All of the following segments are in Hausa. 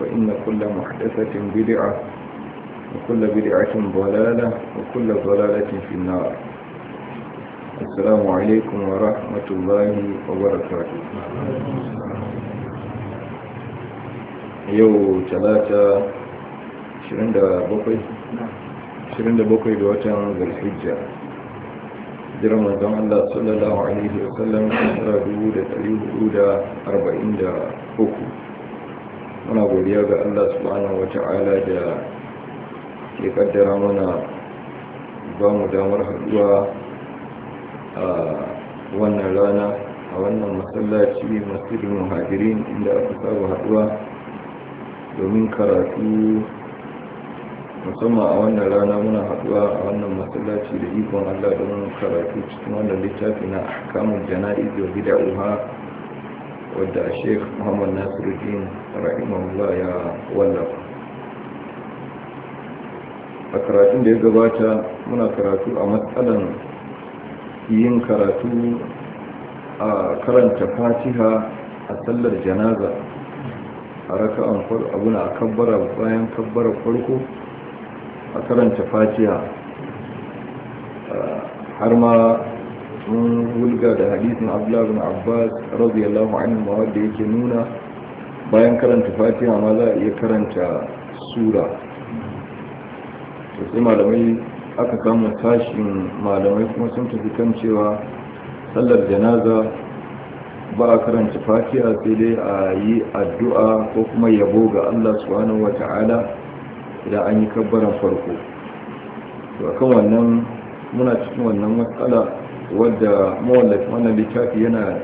فإن كل محدثة بدعة وكل بدعة ضلالة وكل ضلالة في النار السلام عليكم ورحمة الله وبركاته يو ثلاثة شرين دا بقي شرين دا بقي بوتن ذي الحجة jiran manzon Allah sallallahu alaihi أربعين دا 1443 muna godiya ga Allah subhanahu wata'ala da ke kaddara mana ba mu damar haduwa a wannan rana a wannan masallaci masirin muhajirin inda aka saba haduwa domin karatu musamman a wannan rana muna haduwa a wannan masallaci da ikon Allah domin karatu cikin wannan littafi na kamun jana'iz wa bid'ah wadda a muhammad nasiruddin rahimahullah ya wallafa a karatun da ya gabata muna karatu a matsalan yin karatu a karanta fatiha a sallar janaza a raka'an abuna a kabbara bayan kabbara farko a karanta fatiha har ma Sun wulga da hadisin abdullahi bin abbas radiyallahu anhu wanda yake nuna bayan karanta fatiha ma za a iya karanta sura sai malamai aka kama tashin malamai kuma sun tafi kan cewa sallar janaza ba a karanta fatiha sai dai a yi addu'a ko kuma yabo ga allah subhanahu wa ta'ala idan an yi kabbaran farko to akan wannan muna cikin wannan matsala wadda mawallafin wannan littafi yana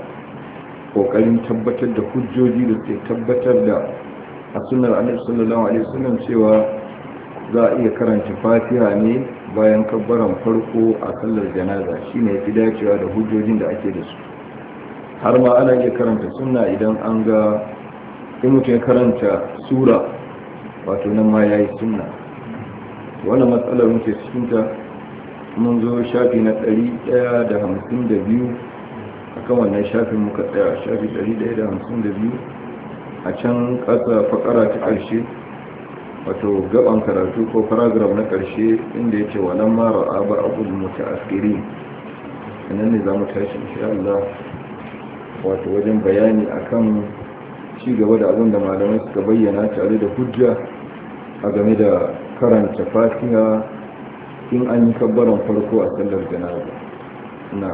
kokarin tabbatar da hujjoji da ke tabbatar da a sunar annabi sallallahu alaihi wasallam cewa za a iya karanta fatiha ne bayan kabbaran farko a sallar janaza shine fi dacewa da hujjojin da ake da su har ma ana iya karanta sunna idan an ga in mutum ya karanta sura wato nan ma ya yi sunna wannan matsalar muke cikinta cikinta. mun zo shafi na 152 kan wannan shafin muka tsaya shafi 152 a can ƙasa faƙara ta ƙarshe wato gaban karatu ko paragraf na ƙarshe inda ya ce nan mara abu abu mutu askiri nan ne za mu tashi insha Allah wato wajen bayani akan ci gaba da abin da malamai suka bayyana tare da hujja a game da karanta fatiha in an yi kabbaran farko a sallar janaza na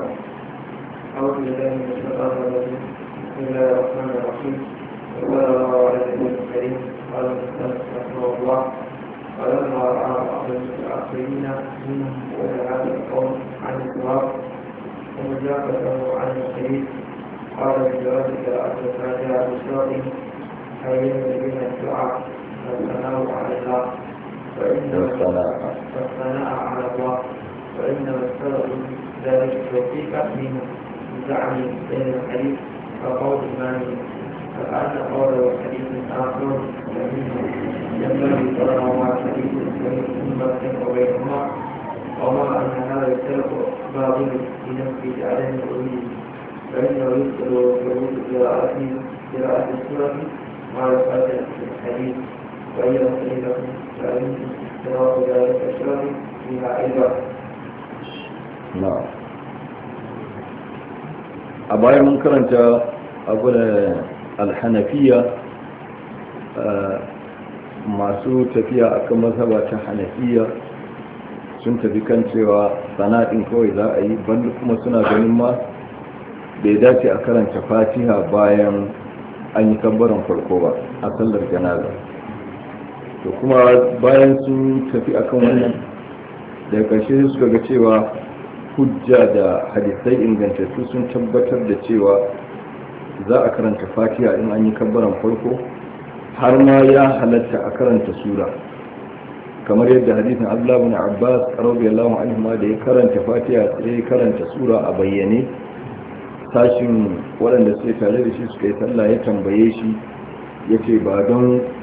أعوذ بالله من الشيطان الرجيم بسم الله الرحمن الرحيم الكريم قال رحمه الله ولما رأى بعض إلى هذا القول عن الصواب ومجابته عن قال أن يلزم على الله فإنما الصلاة والثناء على الله فإن السبب ذلك وفي فهمه زعم بين الحديث كقول إمامه فكأن قوله حديث آخر ينبغي ترى مع حديث ثم الفرق وبينهما وما أن هذا الفرق باطل نفسه تعليم الأمي فإنه يسأل وجود قراءة قراءة السورة مع الفاتحة الحديث a bayan mun karanta abu da alhanafiya eh, masu tafiya a kan mazaba ta hanafiya sun tafi kan cewa sana'in kawai za a yi banda kuma suna ganin ma bai dace a karanta fatiha bayan an yi kabbaran farko ba a sallar janaza to kuma bayan sun tafi akan wannan da ƙarshe suka ga cewa hujja da hadisai ingantattu sun tabbatar da cewa za a karanta fatiha in an yi kabbaran farko har ma ya halatta a karanta sura kamar yadda hadisin abdullahi bin abbas radiyallahu anhu ma da ya karanta fatiha ya karanta sura a bayyane sashin waɗanda sai tare da shi suka yi sallah ya tambaye shi yace ba don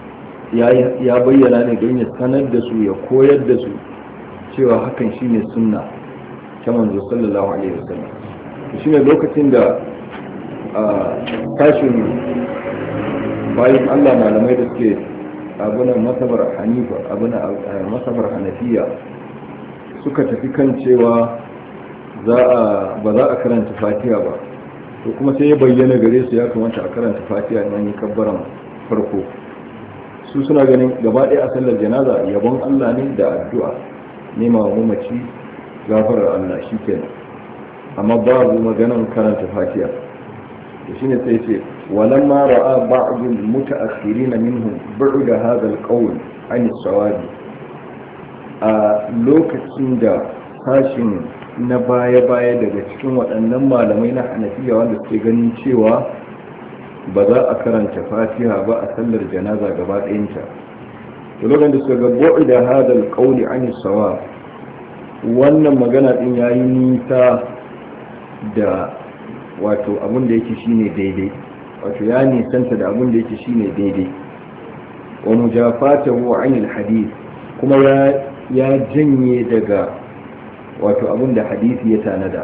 ya bayyana ne don ya sanar da su ya koyar da su cewa hakan shine sunna ta manzo sallallahu alaihi wasallam shine lokacin da tashin bayan Allah malamai da suke abunan masabar hanifa abunan masabar hanafiya suka tafi kan cewa ba za a karanta fatiya ba to kuma sai ya bayyana gare su ya kamata a karanta fatiya nan yi kabbaran farko su suna ganin gaba ɗaya a sallar janaza yabon Allah ne da addu'a nema wa mamaci gafarar Allah shi kenan amma babu maganan karanta fatiya da ne sai ce walamma ra'a ba'd al-muta'akhirin minhum bu'd hadha al-qawl an sawabi a lokacin da sashin na baya-baya daga cikin waɗannan malamai na hanafiya wanda suke ganin cewa ba za a karanta fatiha ba a sallar janaza gaba ɗayanta to lokacin da suka ga da hadal kauli an sawa wannan magana din yayi nisa da wato abin da yake shine daidai wato ya nisanta da abin da yake shine daidai wa mujafatahu an alhadith kuma ya ya janye daga wato abin da hadisi ya tanada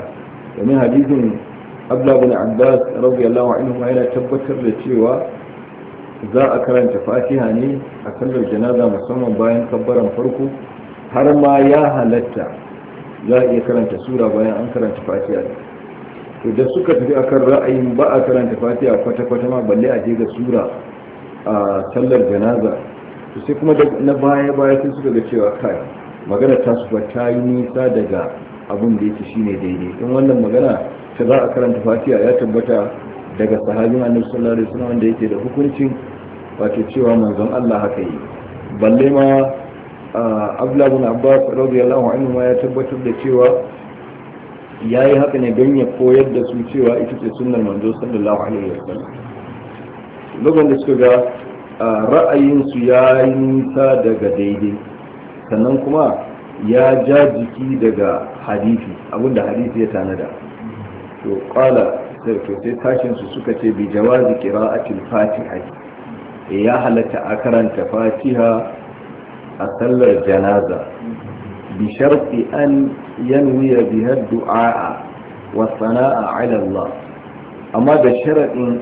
domin hadisin abdullahi bin abbas radiyallahu anhu yana tabbatar da cewa za a karanta fatiha ne a sallar janaza musamman bayan kabbaran farko har ma ya halatta za a iya karanta sura bayan an karanta fatiha to da suka tafi kan ra'ayin ba a karanta fatiha kwata-kwata ma balle a je ga sura a sallar janaza to sai kuma na baya-baya sai suka ga cewa kai magana ta su ta yi nisa daga abin da yake shine daidai in wannan magana ta za a karanta fatiha ya tabbata daga sahabin annabi sallallahu alaihi wasallam da yake da hukuncin wato cewa manzon Allah haka yi balle ma Abdullah bin Abbas radiyallahu anhu ma ya tabbatar da cewa yayi haka ne don ya koyar da su cewa ita ce sunnar manzon sallallahu alaihi wasallam lokacin da suka ga su ya yi nisa daga daidai sannan kuma ya ja jiki daga hadisi abinda hadisi ya tanada to qala to sai tashin su suka ce bi jawazi qira'atil fatiha ya halatta a karanta fatiha a sallar janaza bi sharti an yanwiya biha du'a wa sana'a 'ala Allah amma da sharadin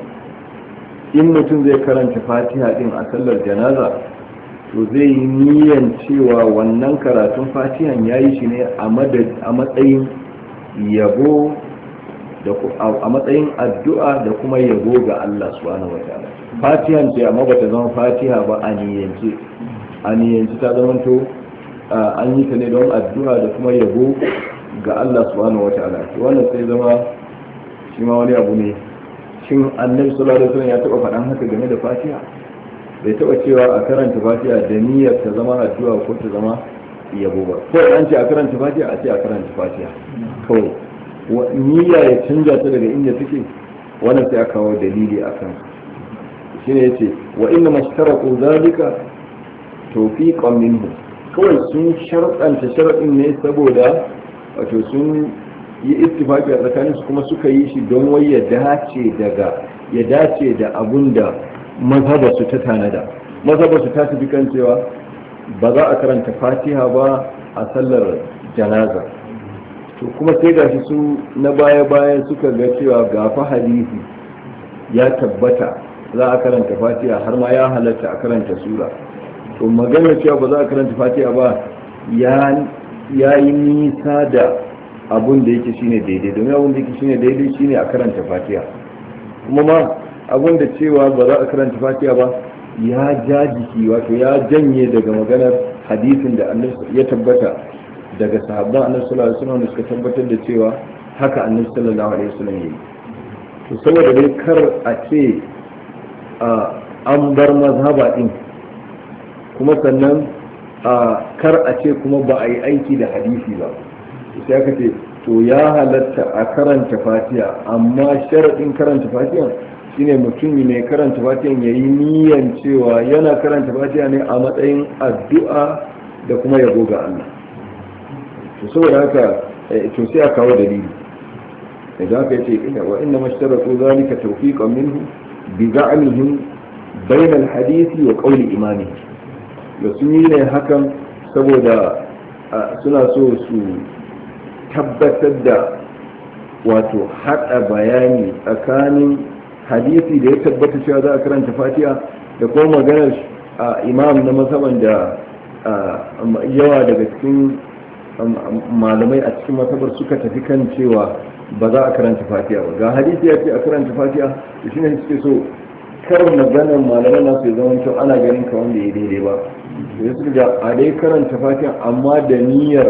in mutum zai karanta fatiha din a sallar janaza to zai yi niyan cewa wannan karatun fatihan ya yi shi ne a matsayin yabo a matsayin addu'a da kuma yabo ga Allah subhanahu wa ta'ala fatihan ce amma bata zama fatiha ba a niyyance a niyyance ta zama to an yi ta ne don addu'a da kuma yabo ga Allah subhanahu wa ta'ala wannan sai zama shi ma wani abu ne shin annabi sallallahu alaihi wasallam ya taba faɗan haka game da fatiha bai taba cewa a karanta fatiha da niyyar ta zama addu'a ko ta zama yabo ba ko an ce a karanta fatiha a ce a karanta fatiha kawai niyya ya canza ta daga inda take wannan sai a kawo dalili a kan shine yace wa inna mashtaraku zalika tawfiqan minhu kawai sun sharɗanta sharaɗin ne saboda wato sun yi ittifaqi a tsakanin su kuma suka yi shi don wai ya dace daga ya dace da abun da mazhabar su ta tanada mazhabar su ta tafi kan cewa ba za a karanta fatiha ba a sallar janaza to kuma sai ga shi su na baya-baya suka ga cewa ga fa hadisi ya tabbata za a karanta fatiha har ma ya halatta a karanta sura to magana cewa ba za a karanta fatiha ba ya yi nisa da abun da yake shine daidai domin abun da yake shine daidai shine a karanta fatiha kuma ma abun da cewa ba za a karanta fatiha ba ya jajiki wato ya janye daga maganar hadisin da ya tabbata daga sahabban annabi sallallahu alaihi suka tabbatar da cewa haka annabi sallallahu alaihi wasallam yayi to saboda dai kar a ce an bar mazhaba din kuma sannan kar a ce kuma ba a yi aiki da hadisi ba sai aka ce to ya halatta a karanta fatiya, amma sharaɗin karanta fatiha shine mutum ne karanta fatiha ya yi niyan cewa yana karanta fatiya ne a matsayin addu'a da kuma yabo ga Allah to saboda haka eh, to sai a kawo dalili idan aka yace ina wa inna mashtaratu zalika tawfiqan minhu bi za'mihim bayna al-hadisi wa qawli imani da sun yi ne hakan saboda suna so su tabbatar da wato hada bayani tsakanin hadisi da ya tabbata cewa za a karanta fatiha da kuma maganar imam na musamman da yawa daga cikin malamai a cikin matabar suka tafi kan cewa ba za a karanta fatiha ba ga hadisi ya ce a karanta fatiha da shi ne suke so karin maganar malamai na su zama cewa ana ganin ka wanda ya daidai ba ya suka ga a dai karanta fatiha amma da niyyar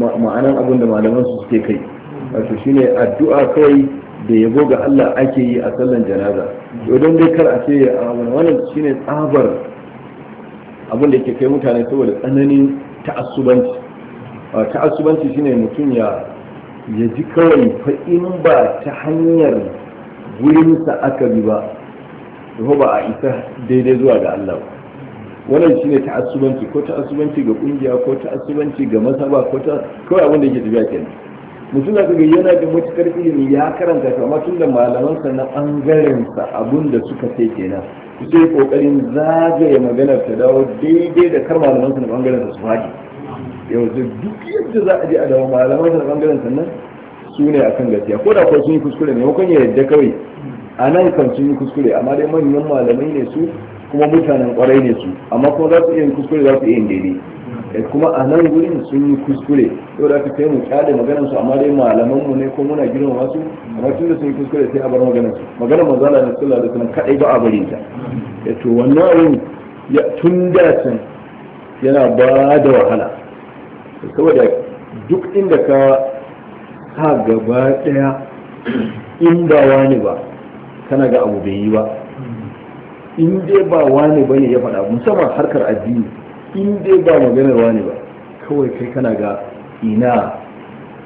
ma'anan abin da malaman su suke kai wato ne addu'a kawai da yabo ga Allah ake yi a sallan janaza to don dai kar a ce wannan shine tsabar abin da yake kai mutane saboda tsananin ta'assubanci ta'assubanci shine mutum ya ya ji kawai fa in ba ta hanyar gurinsa aka bi ba ko ba a isa daidai zuwa ga Allah ba wannan shine ta'assubanci ko ta'assubanci ga kungiya ko ta'assubanci ga masaba ko ta kawai abin da yake tafiya kenan mutum da kaga yana da matukar ilimi ya karanta ta amma tun da malaman sa na bangaren sa abin da suka ce kenan sai kokarin zagaye maganar ta dawo daidai da kar malaman sa na bangaren su faɗi yanzu duk yadda za a je a dawo malamai da bangaren sannan su ne a kan gaskiya ko da kuwa sun yi kuskure ne hukun ya yadda kawai a nan kan sun yi kuskure amma dai manyan malamai ne su kuma mutanen kwarai ne su amma kuma za su iya yin kuskure za su iya yin daidai eh, kuma a nan gurin sun yi kuskure yau da aka kai mu kyale maganar su amma dai malaman mu ne ko muna girma wasu amma tun da sun yi kuskure sai a bar maganar su maganar manzala ne sallallahu alaihi wasallam kadai ba a bari ta eh, to wannan abin tun da yana ba da wahala saboda duk inda ka ka gaba daya in ba wani ba kana ga abu bai yi ba in dai ba wani bane ya faɗa musamman harkar addini in dai ba maganar wani ba kawai kai kana ga ina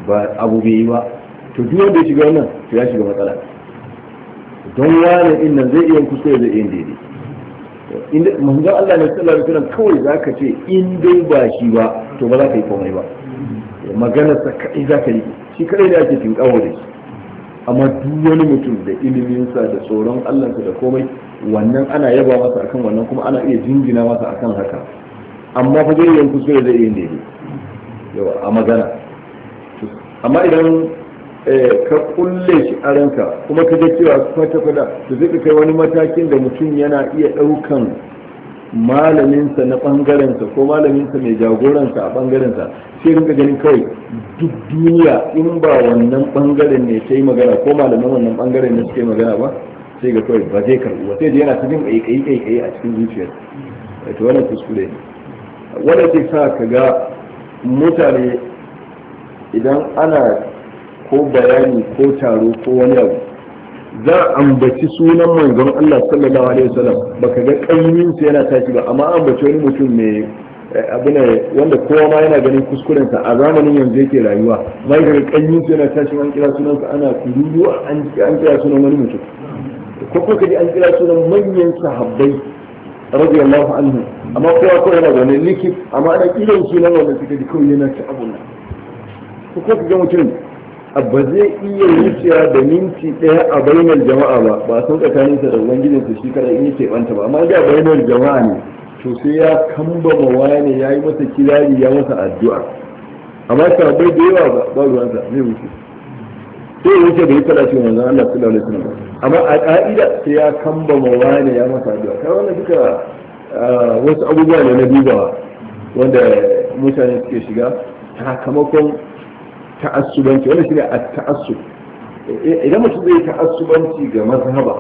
ba abu bai yi ba to duk wanda ya shiga wannan to ya shiga matsala don wani din nan zai iya ya zai iya daidai manzon Allah ne sallallahu alaihi wasallam kawai zaka ce in dai ba shi ba to ba za ka yi komai ba maganar sa kai za ka yi shi kai da ake tinkawo da shi amma duk wani mutum da iliminsa da tsoron Allah da komai wannan ana yaba masa akan wannan kuma ana iya jingina masa akan haka amma fa zai yin kuskure zai yin dai yawa a magana amma idan eh, ka kulle shi a ranka kuma ka ga cewa kwata kwata da zai kai wani matakin da mutum yana iya ɗaukan malaminsa na ɓangarensa ko malaminsa mai jagoransa a ɓangarensa sai rinka ganin kawai duk duniya in ba wannan ɓangaren ne ta yi magana ko malamin wannan ɓangaren ne suke magana ba sai ga kawai ba zai karɓi ba sai da yana cikin ƙaiƙayi ƙaiƙayi a cikin zuciyar to wannan kuskure ne wanda ke sa ka ga mutane idan ana ko bayani ko taro ko wani abu za a ambaci sunan manzon Allah sallallahu alaihi wasallam baka ga kanyin sa yana tashi ba amma ambaci wani mutum mai eh, abu ne wanda kowa ma yana ganin kuskuren sa a zamanin yanzu yake rayuwa mai ga kanyin sa yana tashi an kira sunan sa ana kururuwa an kira sunan wani mutum ko ko kaji an kira sunan manyan sahabbai radiyallahu anhu amma kowa kowa yana ganin likit amma ana kiran sunan wanda suka ji kawai yana ta abun ko ko kaji mutum ba zai iya wucewa da minti ɗaya a bainar jama'a ba ba sun tsakaninsa da ta shi kada in yake ɓanta ba amma da bainar jama'a ne to sai ya kambama waya ne ya yi masa kirari ya masa addu'a amma bai da yawa ba sa zai wuce sai wuce da ya fada shi manzon Allah sallallahu alaihi wasallam amma a ka'ida sai ya kambama waya ne ya masa addu'a kai wannan duka ah, wasu abubuwa ne na dubawa wanda mutane suke shiga sakamakon ta'assubanci wannan shine at-ta'assub idan mutum zai ta'assubanci ga mazhaba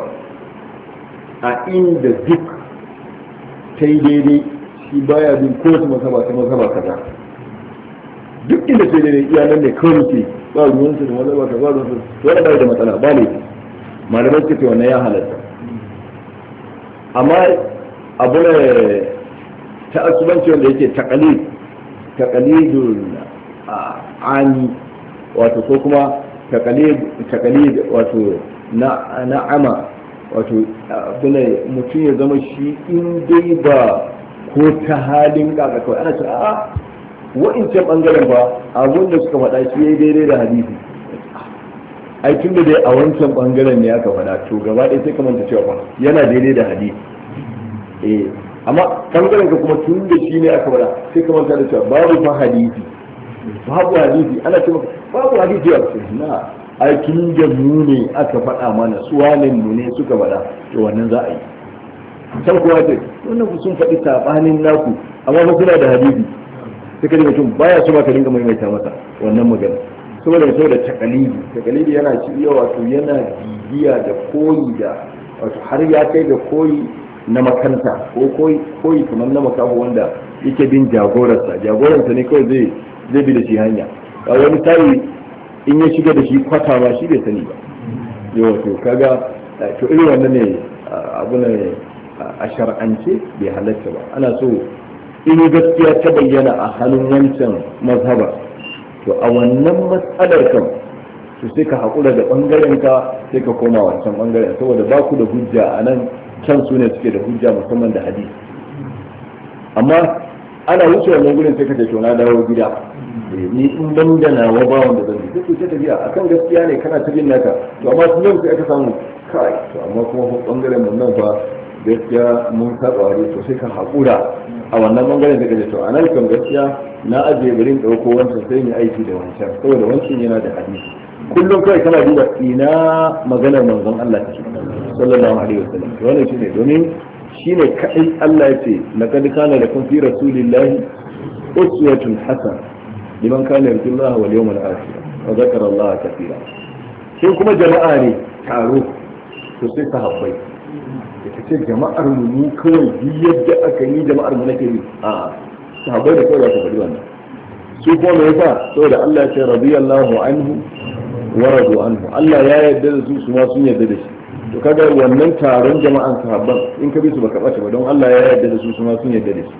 a inda duk ta yi daidai shi baya bin kowace mazhaba ta mazhaba kaza duk inda ta yi daidai iya nan ne kawai mutum ba ruwansa da mazhaba kaza ba ruwansa wanda ba da matsala ba ne malamai suka ce wannan ya halatta amma abu ne ta'assubanci wanda yake taƙalilun a ani wato ko kuma takalib wato na'ama wato abin mutum ya zama shi in dai ba ko ta halin kaka kawai ana ce a wa'incan bangaren ba abin da suka faɗa shi ya yi daidai da hadisi ai tun da dai a wancan bangaren ne aka faɗa to gaba ɗaya sai ka manta cewa yana daidai da hadisi eh amma bangaren ka kuma tun da shi ne aka faɗa sai ka manta da cewa babu fa hadisi babu hadisi ana ce babu hadisi ya ce na aikin da ne aka faɗa mana su walin mu ne suka faɗa to wannan za a yi san kowa ce wannan ku sun faɗi sabanin naku amma ba kuna da hadisi sai ka mutum baya so ba ka dinga maimaita masa wannan magana saboda da takalibi takalibi yana iya wato yana bibiya da koyi da wato har ya kai da koyi na makanta ko koyi kamar na makaho wanda yake bin jagorarsa jagorarsa ne kawai zai zai bi da shi hanya a wani tayi in ya shiga da shi kwata ba shi bai sani ba yawa to kaga eh, to irin wannan ne eh, abu ne eh, a shar'ance bai halatta ba ana so in gaskiya ta bayyana a hannun wancan mazhaba to a wannan matsalar kan to sai ka haƙura da ɓangaren ka sai ka koma wancan ɓangaren saboda ba ku da hujja a nan can su ne suke da hujja musamman da hadisi amma ana wuce wannan gudun sai ka ce to na dawo gida Eh, ni in ban da nawa ba wanda zan yi duk ta tafiya akan gaskiya ne kana ta jin naka to amma su yau sai aka samu kai to amma kuma bangaren mun nan fa gaskiya mun saba wari to sai ka haƙura a wannan bangaren da kaje to a nan kan gaskiya na aje birin ɗauko wancan sai ni aiki da wancan saboda wancan yana da hadisi kullum kawai kana duba ina maganar manzon Allah take sallallahu alaihi wasallam wannan shine domin shine kadai Allah ya ce laqad kana lakum fi rasulillahi uswatun hasana liman kana yarjullaha wal yawmal akhir wa zakara Allah kathira sai kuma jama'a ne taro to sai sahabbai ita ce jama'ar mu kawai yadda aka yi jama'ar mu nake yi a sahabbai da kawai za ta faɗi wannan su kuma me yasa saboda Allah ya ce radiyallahu anhu wa radu anhu Allah ya yarda da su su ma sun yarda da shi to kaga wannan taron jama'an sahabban in ka bi su baka bace ba don Allah ya yarda da su su ma sun yarda da shi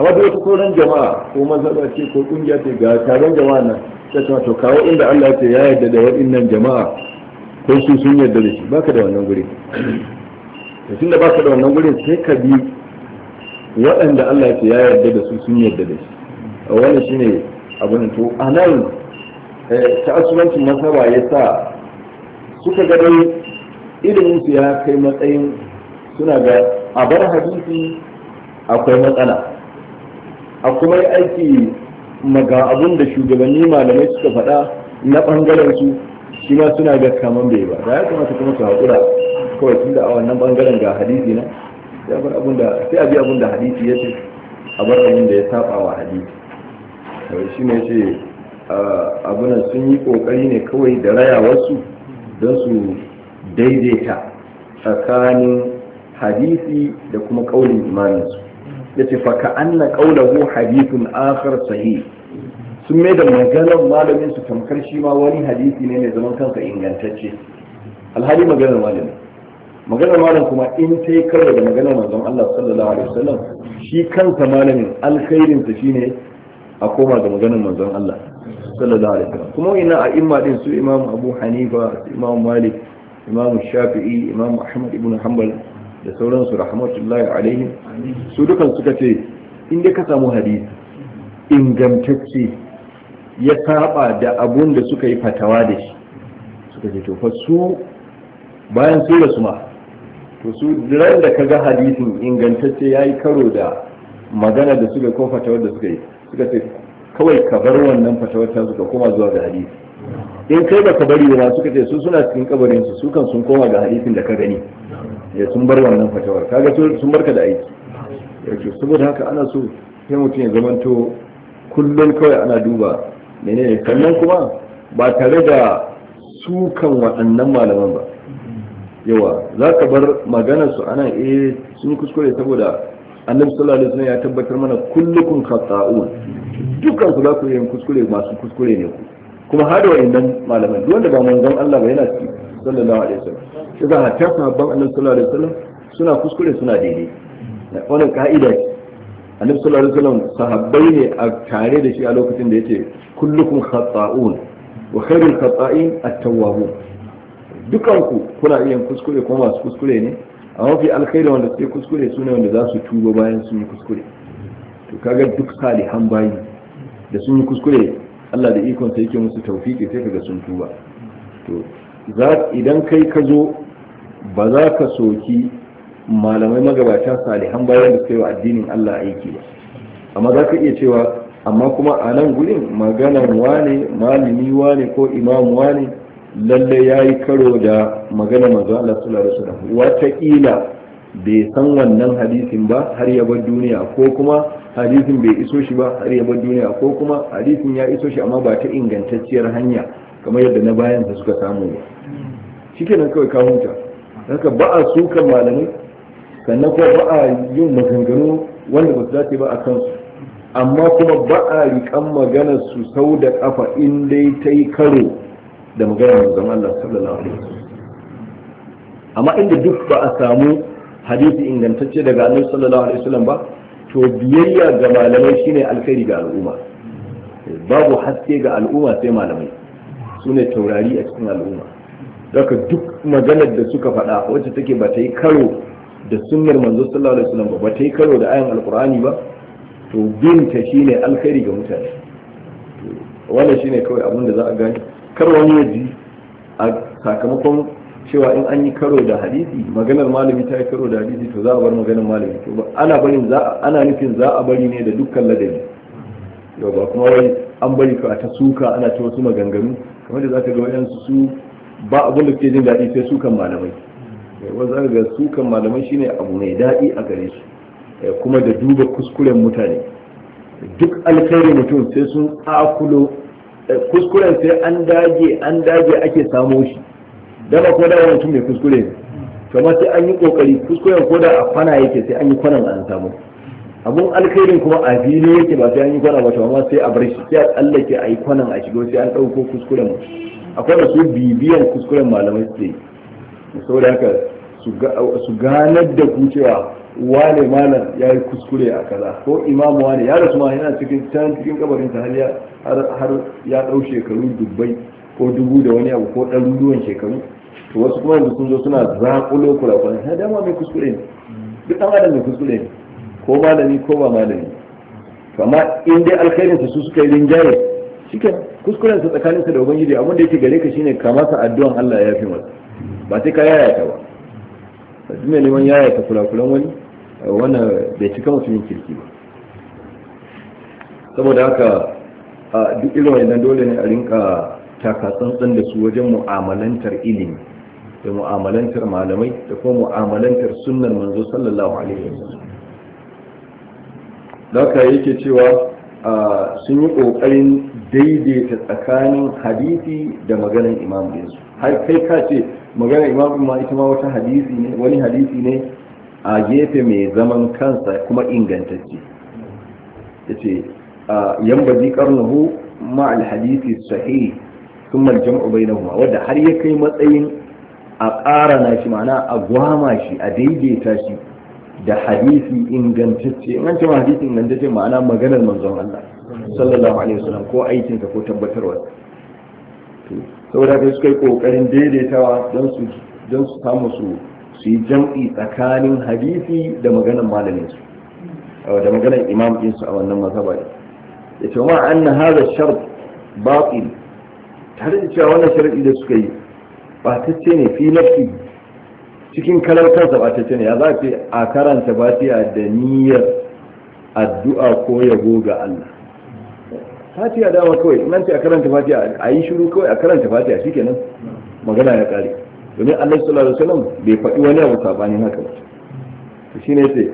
a da wata sauran jama'a ko mazaba ce ko kungiya ce ga taron jama'a nan ta ta to kawo inda Allah ce ya yarda da waɗannan jama'a ko su sun yarda da shi baka da wannan guri to tunda baka da wannan guri sai ka bi waɗanda Allah ce ya yarda da su sun yarda da shi a wannan shine A to anan eh, ta'assubancin ya sa suka ga dai ilimin su ya kai matsayin suna ga a bar hadisi akwai matsala a kuma yi aiki maga abun da shugabanni malamai suka faɗa na ɓangaren su shi ma suna ga kaman bai ba da ya kamata kuma su haƙura kawai tun da a wannan ɓangaren ga hadisi na sai a bi abun da hadisi ya ce a bar abun da ya saba wa hadisi kawai shi ne ce abunan sun yi ƙoƙari ne kawai da raya wasu don su daidaita tsakanin hadisi da kuma ƙaunin imaninsu yace fa ka anna qawluhu hadithun akhar sahih sun mai da maganar malamin su tamkar shi ma wani hadisi ne mai zaman kansa ingantacce alhali maganar malamin maganar malam kuma in ta yi karo da maganar manzon Allah sallallahu alaihi wasallam shi kansa malamin alkhairin sa shine a koma ga maganar manzon Allah sallallahu alaihi wasallam kuma ina a imma din su imam Abu Hanifa imam Malik imam Shafi'i imam Ahmad ibn Hanbal da sauransu rahmatullahi alaihi su dukan suka ce inda ka samu hadisi ingantacce ya saba da abun da suka yi fatawa da shi suka ce to fa su bayan su rasu ma to su ran da kaga hadisin ingantacce yayi karo da magana da suka ko fatawar da suka yi suka ce kawai ka bar wannan fatawar ta suka koma zuwa ga hadisi in kai baka bari ba suka ce su suna cikin kabarin su sukan sun koma ga hadisin da ka gani ya sun bar wannan fatawar kaga sun barka da aiki yake saboda haka ana so sai mutum ya zamanto kullum kawai ana duba menene sannan kuma ba tare da sukan waɗannan malaman ba yawa za ka bar maganar su ana eh sun kuskure saboda annabi sallallahu alaihi wasallam ya tabbatar mana kullukum khata'un dukkan su za ku yi kuskure masu kuskure ne ku kuma har da wayannan malaman duk wanda ba manzon Allah ba yana ci sallallahu alaihi wasallam shi ga hatta tafa babban annabi sallallahu alaihi wasallam suna kuskure suna daidai wannan ka'ida ce annabi sallallahu alaihi wasallam sahabbai ne a tare da shi a lokacin da yace kullukum khata'un wa khairul khata'in at-tawwabun dukanku kuna iya kuskure kuma masu kuskure ne a mafi alkhairi wanda suke kuskure su ne wanda za su tuba bayan sun yi kuskure to kaga duk salihan bayi da sun yi kuskure Allah da ikon sai yake musu tawfiki sai kaga sun tuba to idan kai ka zo ba za ka soki malamai magabata salihan bayan da suka yi wa addinin Allah aiki ba amma za ka iya cewa amma kuma a nan gurin magana wane malami wane ko imam wane lalle ya yi karo da magana manzo Allah sallallahu alaihi wasallam wataƙila bai san wannan hadisin ba har ya bar duniya ko kuma hadisin bai iso shi ba har yabar duniya ko kuma hadisin ya iso shi amma ba ta ingantacciyar hanya kamar yadda na bayan da suka samu ba nan kawai ka huta haka ba a sukan malamai sannan kuma ba a yin maganganu wanda ba su dace ba a kansu amma kuma ba a riƙan magana su sau da kafa in dai ta yi karo da magana maganar zama Allah sallallahu alaihi wasallam amma inda duk ba a samu hadisi ingantacce daga annabi sallallahu alaihi wasallam ba to biyayya ga malamai shine alkhairi ga al'umma babu haske ga al'umma sai malamai Sune taurari a cikin al'umma daga duk maganar da suka faɗa wacce take ba ta yi karo da sunnar manzo sallallahu alaihi wasallam ba ba ta yi karo da ayan alqur'ani ba to binta shine alkhairi ga mutane wannan shine kawai abin da za a gani kar wani ya ji a sakamakon cewa in an yi karo da hadisi maganar malami ta yi karo da hadisi to za a bar maganar malami to ana nufin za a bari ne da dukkan ladabi yau ba kuma wai an bari ka ta suka ana ta wasu maganganu kamar da za ka ga wayansu su ba abin da ke jin daɗi sai sukan malamai eh, wanda ga sukan malamai shine abu mai daɗi a gare su eh, kuma da duba kuskuren mutane duk alkhairi mutum sai sun eh, kuskuren sai an dage an dage ake samo shi dama ko da wani mutum mai kuskure ne kamar sai an yi kokari kuskuren ko da a kwana yake sai an yi kwanan an samu abun alkhairin kuma a fili yake ba sai an yi kwana ba amma sai a bar shi sai a tsallake a yi kwanan a shigo sai an ɗauko kuskuren mu akwai da su bibiyan kuskuren malamai su yi saboda haka su ganar da ku cewa wane malam ya yi kuskure a kaza ko imamu wane ya rasu ma yana cikin can cikin ta har har ya dau shekaru dubbai ko dubu da wani abu ko ɗaruruwan shekaru to wasu kuma yanzu sun zo suna zaƙulo kurakurai na dama mai kuskure ne duk ɗan adam mai kuskure ne ko malami ko ba malami to amma in dai alkhairin su suka yi rinjaye shike kuskuren su tsakanin su da ubangiji abin da yake gare ka shine ka masa addu'an Allah ya fi masa ba sai ka yaya ta ba duk mai neman yaya ta kurakuran wani wannan bai cika mutumin kirki ba saboda haka a duk irin wannan dole ne a rinka taka tsantsan da su wajen mu'amalantar ilimi da mu'amalantar malamai da kuma mu'amalantar sunan manzo sallallahu alaihi wasallam daga yake cewa sun yi kokarin daidaita tsakanin hadisi da maganar imam su har kai ka ce maganar imam ma ita ma wata hadisi ne wani hadisi ne a gefe mai zaman kansa kuma ingantacce yace yan baji karnuhu ma al hadisi sahih kuma jam'u bainahuma wanda har ya kai matsayin a ƙara na shi ma'ana a gwama shi a daidaita shi da hadisi ingantacce in an cewa hadisi ingantacce ma'ana maganar manzon Allah sallallahu alaihi wasallam ko aikin ka ko tabbatarwa to saboda kai suka yi kokarin daidaitawa don su don su samu su su yi jam'i tsakanin hadisi da maganar malamin su da maganar imam din su a wannan mazhaba ya ce ma anna hadha shart batil tare da cewa wannan sharadi da suka yi batacce ne fi nafi cikin kalar kansa batacce ne ya za fi a karanta fatiha da niyyar addu'a ko yabo ga Allah fatiha dama kawai nan ce a karanta fatiha a yi shiru kawai a karanta fatiha nan magana ya kare domin Allah sallallahu alaihi wasallam bai faɗi wani abu sabani haka ba ne sai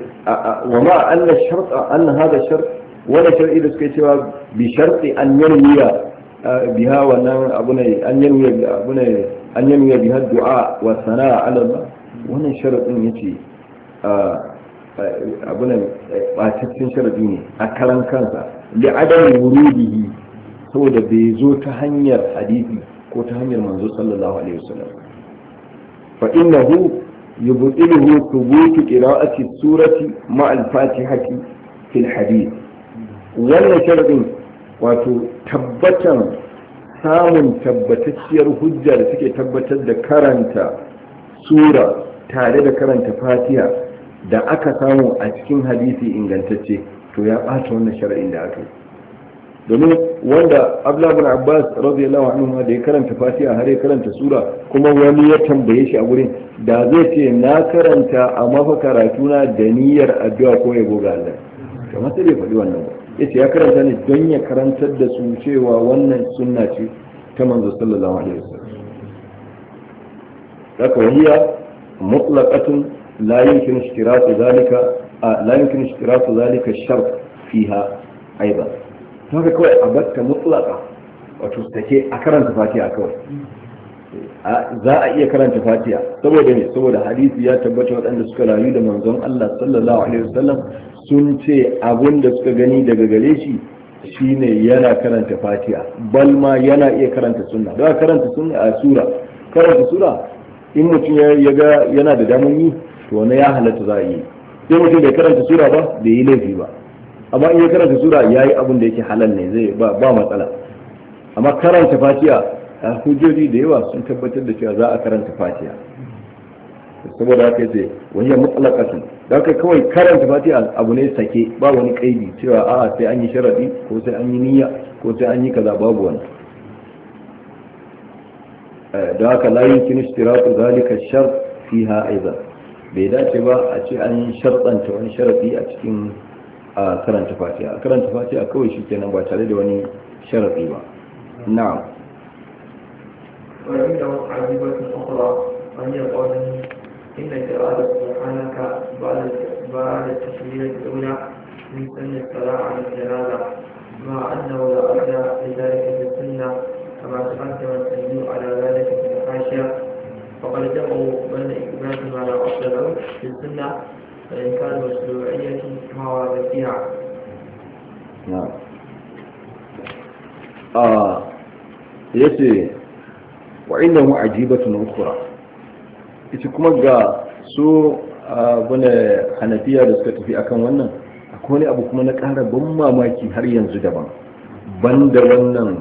wa ma anna sharta anna hada shart wani shar'i da suke cewa bi sharti an yi biha wannan abu ne an abu ne an yanwiya bi du'a wa sana'a ala Allah wannan sharadin yace abunan cikin sharaɗi ne a karan kansa da adam wurudihi saboda bai zo ta hanyar hadisi ko ta hanyar manzo sallallahu alaihi wasallam fa innahu yubtiluhu thubutu qira'ati surati ma al-fatihati fil hadith wannan sharadin wato tabbatan samun tabbatacciyar hujja da suke tabbatar da karanta sura tare da karanta fatiha da aka samu a cikin hadisi ingantacce to ya ɓata wannan shara'in da aka yi domin wanda ablabun abbas radiyallahu anhu da ya karanta fatiha har ya karanta sura kuma wani ya tambaye shi a wurin da zai ce na karanta a mafa karatuna da niyyar addu'a ko ya goga Allah kamar sai bai faɗi wannan ba yace ya karanta ne don ya karantar da su cewa wannan sunna ce ta manzo sallallahu alaihi wasallam haka wahiya mutlaqatun la yumkin ishtiratu zalika la yumkin ishtiratu zalika shart fiha aiba haka kawai a batta mutlaqa wato take a karanta fatiha kawai za a iya karanta fatiha saboda ne saboda hadisi ya tabbata waɗanda suka rayu da manzon Allah sallallahu alaihi wasallam sun ce abun da suka gani daga gare shi shine yana karanta fatiha bal ma yana iya karanta sunna da karanta sunna a sura karanta sura in mutum ya ga yana da damun yi to na ya halatta za a yi sai mutum bai karanta sura ba da yi laifi ba amma in ya karanta sura ya yi abin da yake halal ne zai ba matsala amma karanta fatiha a hujjoji da yawa sun tabbatar da cewa za a karanta fatiha saboda haka yace wani mutlaqatun dan kai kawai karanta fatiha abu ne sake ba wani kaidi cewa a'a sai an yi sharadi ko sai an yi niyya ko sai an yi kaza babu wani eh, da haka la yumkin ishtiratu zalika shart fiha aidan bai dace ba a ce an sharɗanta wani sharadi a cikin a karanta fatiha a karanta fatiha kawai shi kenan ba tare da wani sharadi ba na'am إن الإرادة سبحانك بعد التكبيرة الأولى من سن الصلاة على الجنازة مع أنه لا أدى لذلك في السنة كما تقدم التنبيه على ذلك في الحاشية فقد جمعوا بين إثبات ما لا أصل له في السنة كان مشروعية ما ورد فيها. نعم. آه يسير وعنده عجيبة أخرى ita kuma ga su abuna hanafiya da suka tafi akan wannan akwai abu kuma na ƙara ban mamaki har yanzu daban ban da wannan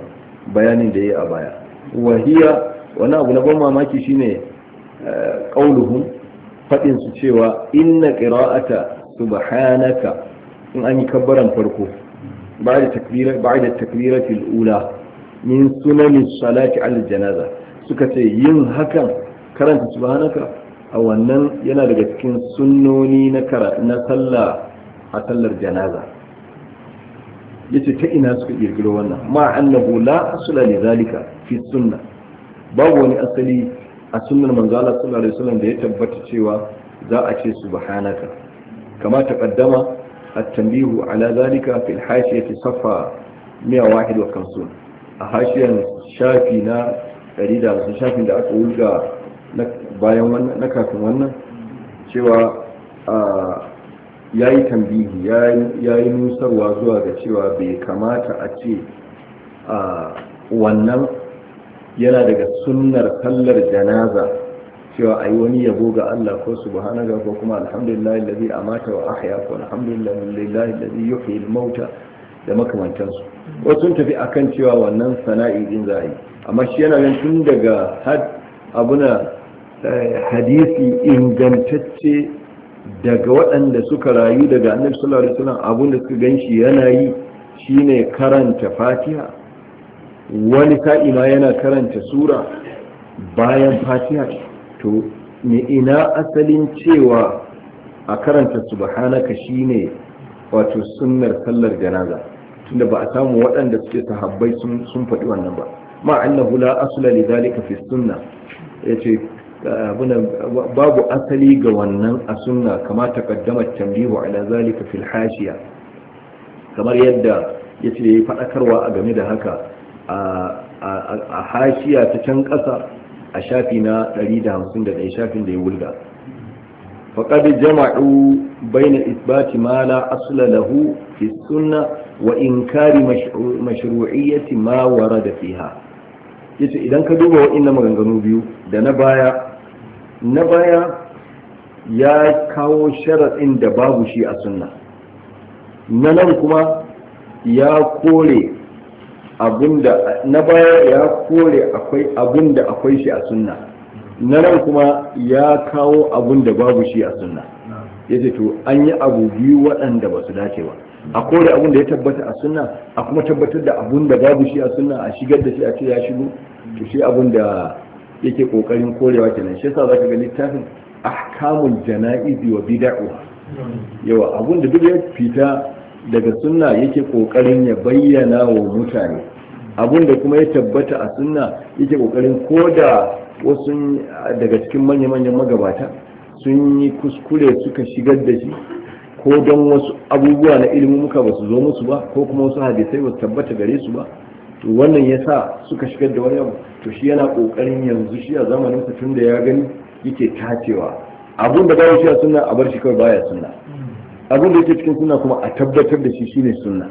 bayanin da ya yi a baya wahiya wani abu na ban mamaki shine ƙauluhun faɗin su cewa inna ƙira'ata subhanaka in an yi kabbaran farko bada da takbiratul ula min sunanin salati al janaza suka ce yin hakan karanta subhanaka a wannan yana daga cikin sunnoni na kara na sallah a sallar janaza yace ta ina suka kirkiro wannan ma annahu la asla li zalika fi sunna babu wani asali a sunnar manzo Allah sallallahu alaihi wasallam da ya tabbata cewa za a ce subhanaka kama taqaddama التنبيه على ذلك في الحاشية صفحة 151 a hashiyan shafi na 150 shafin da aka wulga bayan wannan na kafin wannan cewa ya yi tambihi ya yi nusarwa zuwa ga cewa bai kamata a ce wannan yana daga sunnar sallar janaza cewa a yi wani yabo ga Allah ko ga ko kuma alhamdulillah lalzi a mata wa ahya ko alhamdulillah lalzi yuhi mauta da makamantansu wasu tafi akan cewa wannan sana'i din za a amma shi yana yin tun daga had abuna hadisi ingantacce daga waɗanda suka rayu daga annabi sallallahu alaihi wasallam abun da suka ganshi yana yi shine karanta fatiha wani sa'i ma yana karanta sura bayan fatiha to ne ina asalin cewa a karanta subhanaka shine wato sunnar sallar janaza tunda ba a samu waɗanda suke sahabbai sun faɗi wannan ba ma annahu la asla li fi sunna yace babu asali ga wannan a sunna kama taqaddama tambihu ala zalika fil hashiya kamar yadda yace ya faɗakarwa a game da haka a hashiya ta can ƙasa a shafi na 151 shafin da ya wulga faƙad jama'u baina isbati ma la asla lahu fi sunna wa inkari mashru'iyyati ma da fiha yace idan ka duba na maganganu biyu da na baya na baya ya kawo sharaɗin da babu shi a sunna na nan kuma ya kore abinda na baya ya kore akwai abinda akwai shi a sunna na nan kuma ya kawo abinda babu shi a sunna ce to an yi abu biyu waɗanda ba su dace ba a kore abinda ya tabbata a sunna a kuma tabbatar da abinda da babu shi a sunna a shigar da shi a ce ya shigo to shi abinda yake kokarin korewa kenan shi yasa zaka ga littafin ahkamul jana'izi wa bid'ah yawa abun da duk ya fita daga sunna yake kokarin ya bayyana wa mutane abun da kuma ya tabbata a sunna yake kokarin koda wasu daga cikin manya-manyan magabata sun yi kuskure suka shigar da shi ko don wasu abubuwa na ilimin muka ba su zo musu ba ko kuma wasu hadisai ba su tabbata gare su ba to wannan yasa suka shigar da wani abu to shi yana kokarin yanzu shi a zamanin su tunda ya gani yake tacewa abun da babu shi a sunna a bar shi kawai baya sunna abun da yake cikin sunna kuma a tabbatar da shi shine sunna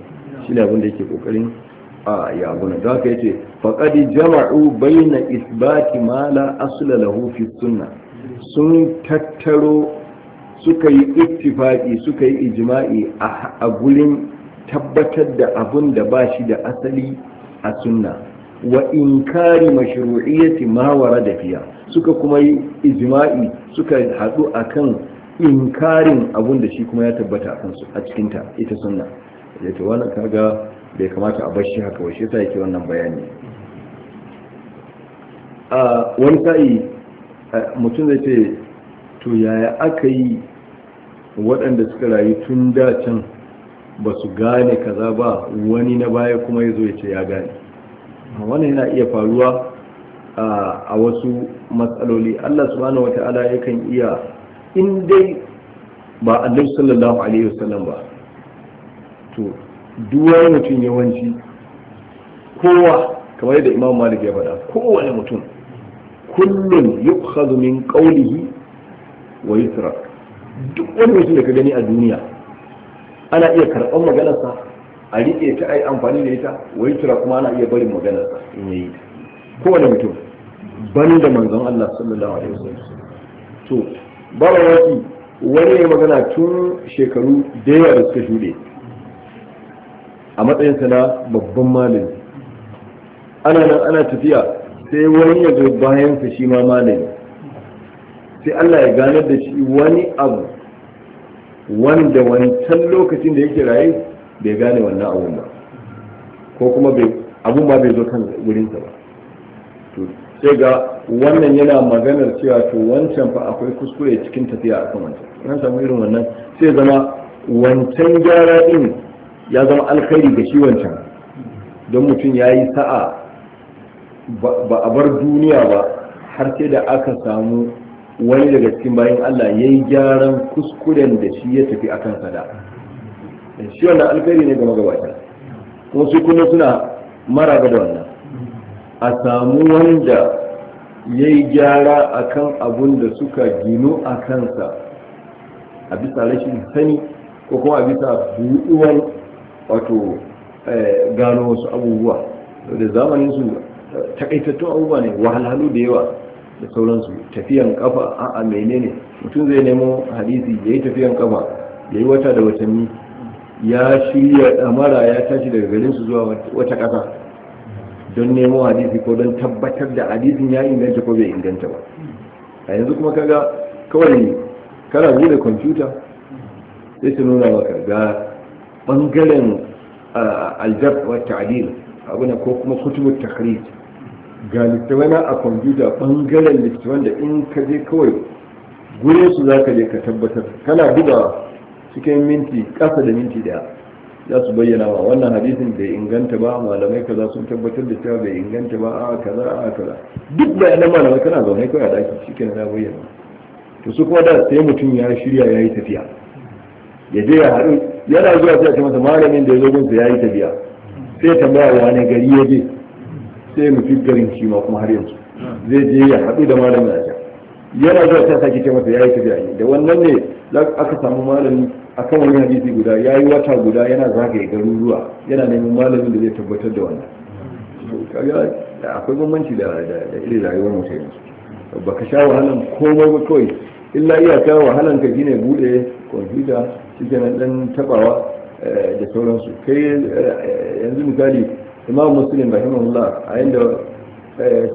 shine abun da yake kokarin a ya abun da haka yace faqad jama'u bayna isbati ma la asla lahu fi sunna sun tattaro suka yi ittifaqi suka yi ijma'i a gurin tabbatar da abun da ba shi da asali a sunna wa inkari mashru'iyyati ma warada fiya suka kuma yi ijma'i suka hadu akan inkarin abun da shi kuma ya tabbata a kansu a cikin ta ita sunna ta wannan kaga bai kamata a bar shi haka ba shi yasa yake wannan bayani a wani sa'i mutum zai ce to yaya aka yi waɗanda suka rayu tun da can ba su gane kaza ba wani na baya kuma ya zo ya ce ya gane wannan yana iya faruwa a wasu matsaloli Allah subhanahu wata'ala yakan iya in dai ba annabi sallallahu alaihi wasallam ba to duwaye mutum yawanci kowa kamar yadda imam malik ya faɗa kowane mutum kullum yukhadhu min qawlihi wa yutrak duk wani mutum da ka gani a duniya ana iya karɓar maganarsa a riƙe ta ai amfani da ita wai tura kuma ana iya barin maganar wani mutum ban da manzon Allah sallallahu alaihi wasallam to ba wani wani ya magana tun shekaru da yawa da suka shuɗe a matsayinsa na babban malami ana nan ana tafiya sai wani ya zo bayan sa shi ma malami sai Allah ya ganar da shi wani abu wanda wancan lokacin da yake raye bai gane wannan abun ba ko kuma abun ba bai zo kan wurinsa ba to sai ga wannan yana maganar cewa to wancan fa akwai kuskure cikin tafiya a wancan ran samu irin wannan sai zama wancan gyara din ya zama alkhairi ga shi wancan don mutum ya yi sa'a ba a bar duniya ba har sai da aka samu wani daga cikin bayan Allah ya yi gyaran kuskuren da shi ya tafi akan sada shi wannan alkhairi ne ga magabata kuma su kuma suna maraba da wannan a samu wanda ya yi gyara a kan abun da suka gino a kansa a bisa rashin sani ko kuma a bisa buɗuwar wato eh, gano wasu abubuwa da zamanin su eh, takaitattun abubuwa ne wahalhalu da yawa da sauransu tafiyan kafa a menene mutum zai nemo hadisi ya yi tafiyan kafa ya yi wata da watanni ya shirya damara ya tashi daga garin su zuwa wata ƙasa don nemo hadisi ko don tabbatar da hadisin ya inganta ko bai inganta ba a yanzu kuma kaga kawai kana da kwamfuta sai su nuna maka ga bangaren aljab wa ta'dil abuna ko kuma kutubut takhrij ga littawana a kwamfuta bangaren littattafan da in ka je kawai gurin su ka je ka tabbatar kana duba. cikin minti kasa da minti daya za su bayyana wa wannan hadisin bai inganta ba malamai kaza sun tabbatar da cewa bai inganta ba a kaza a kaza duk bayanan malamai kana zaune kai a daki kenan ya bayyana to su kuma da sai mutum ya shirya ya yi tafiya ya je ya haɗu yana zuwa sai a ce masa malamin da ya zo gunsa ya yi tafiya sai tambaya wa ne gari ya je sai mu fi garin shi ma kuma har yanzu zai je ya haɗu da malamin a can yana zuwa sai a sake ce masa ya yi tafiya da wannan ne aka samu malami akan wani hadisi guda ya yi wata guda yana zagaye garuruwa yana neman malamin da zai tabbatar da wannan akwai bambanci da iri rayuwar mutane yanzu ba ka sha wahalan komai ba kawai illa iyaka wahalan ka gine bude kwamfuta cikin dan tabawa eh, da sauransu kai eh, yanzu misali imam muslim rahimahullah a yadda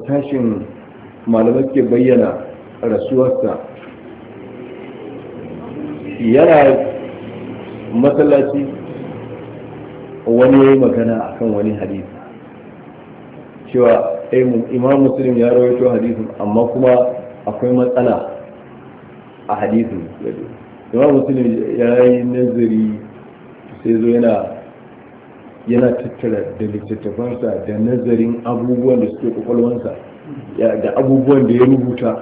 tashin eh, malamai ke bayyana rasuwarsa yana masallaci wani ya yi magana a kan wani hadisi cewa eh, imam muslim ya rawaito hadisin amma kuma akwai matsala a hadisin imam muslim ya yi nazari sai zo yana yana tattara da littattafansa da nazarin abubuwan da suke kwakwalwansa da abubuwan da ya rubuta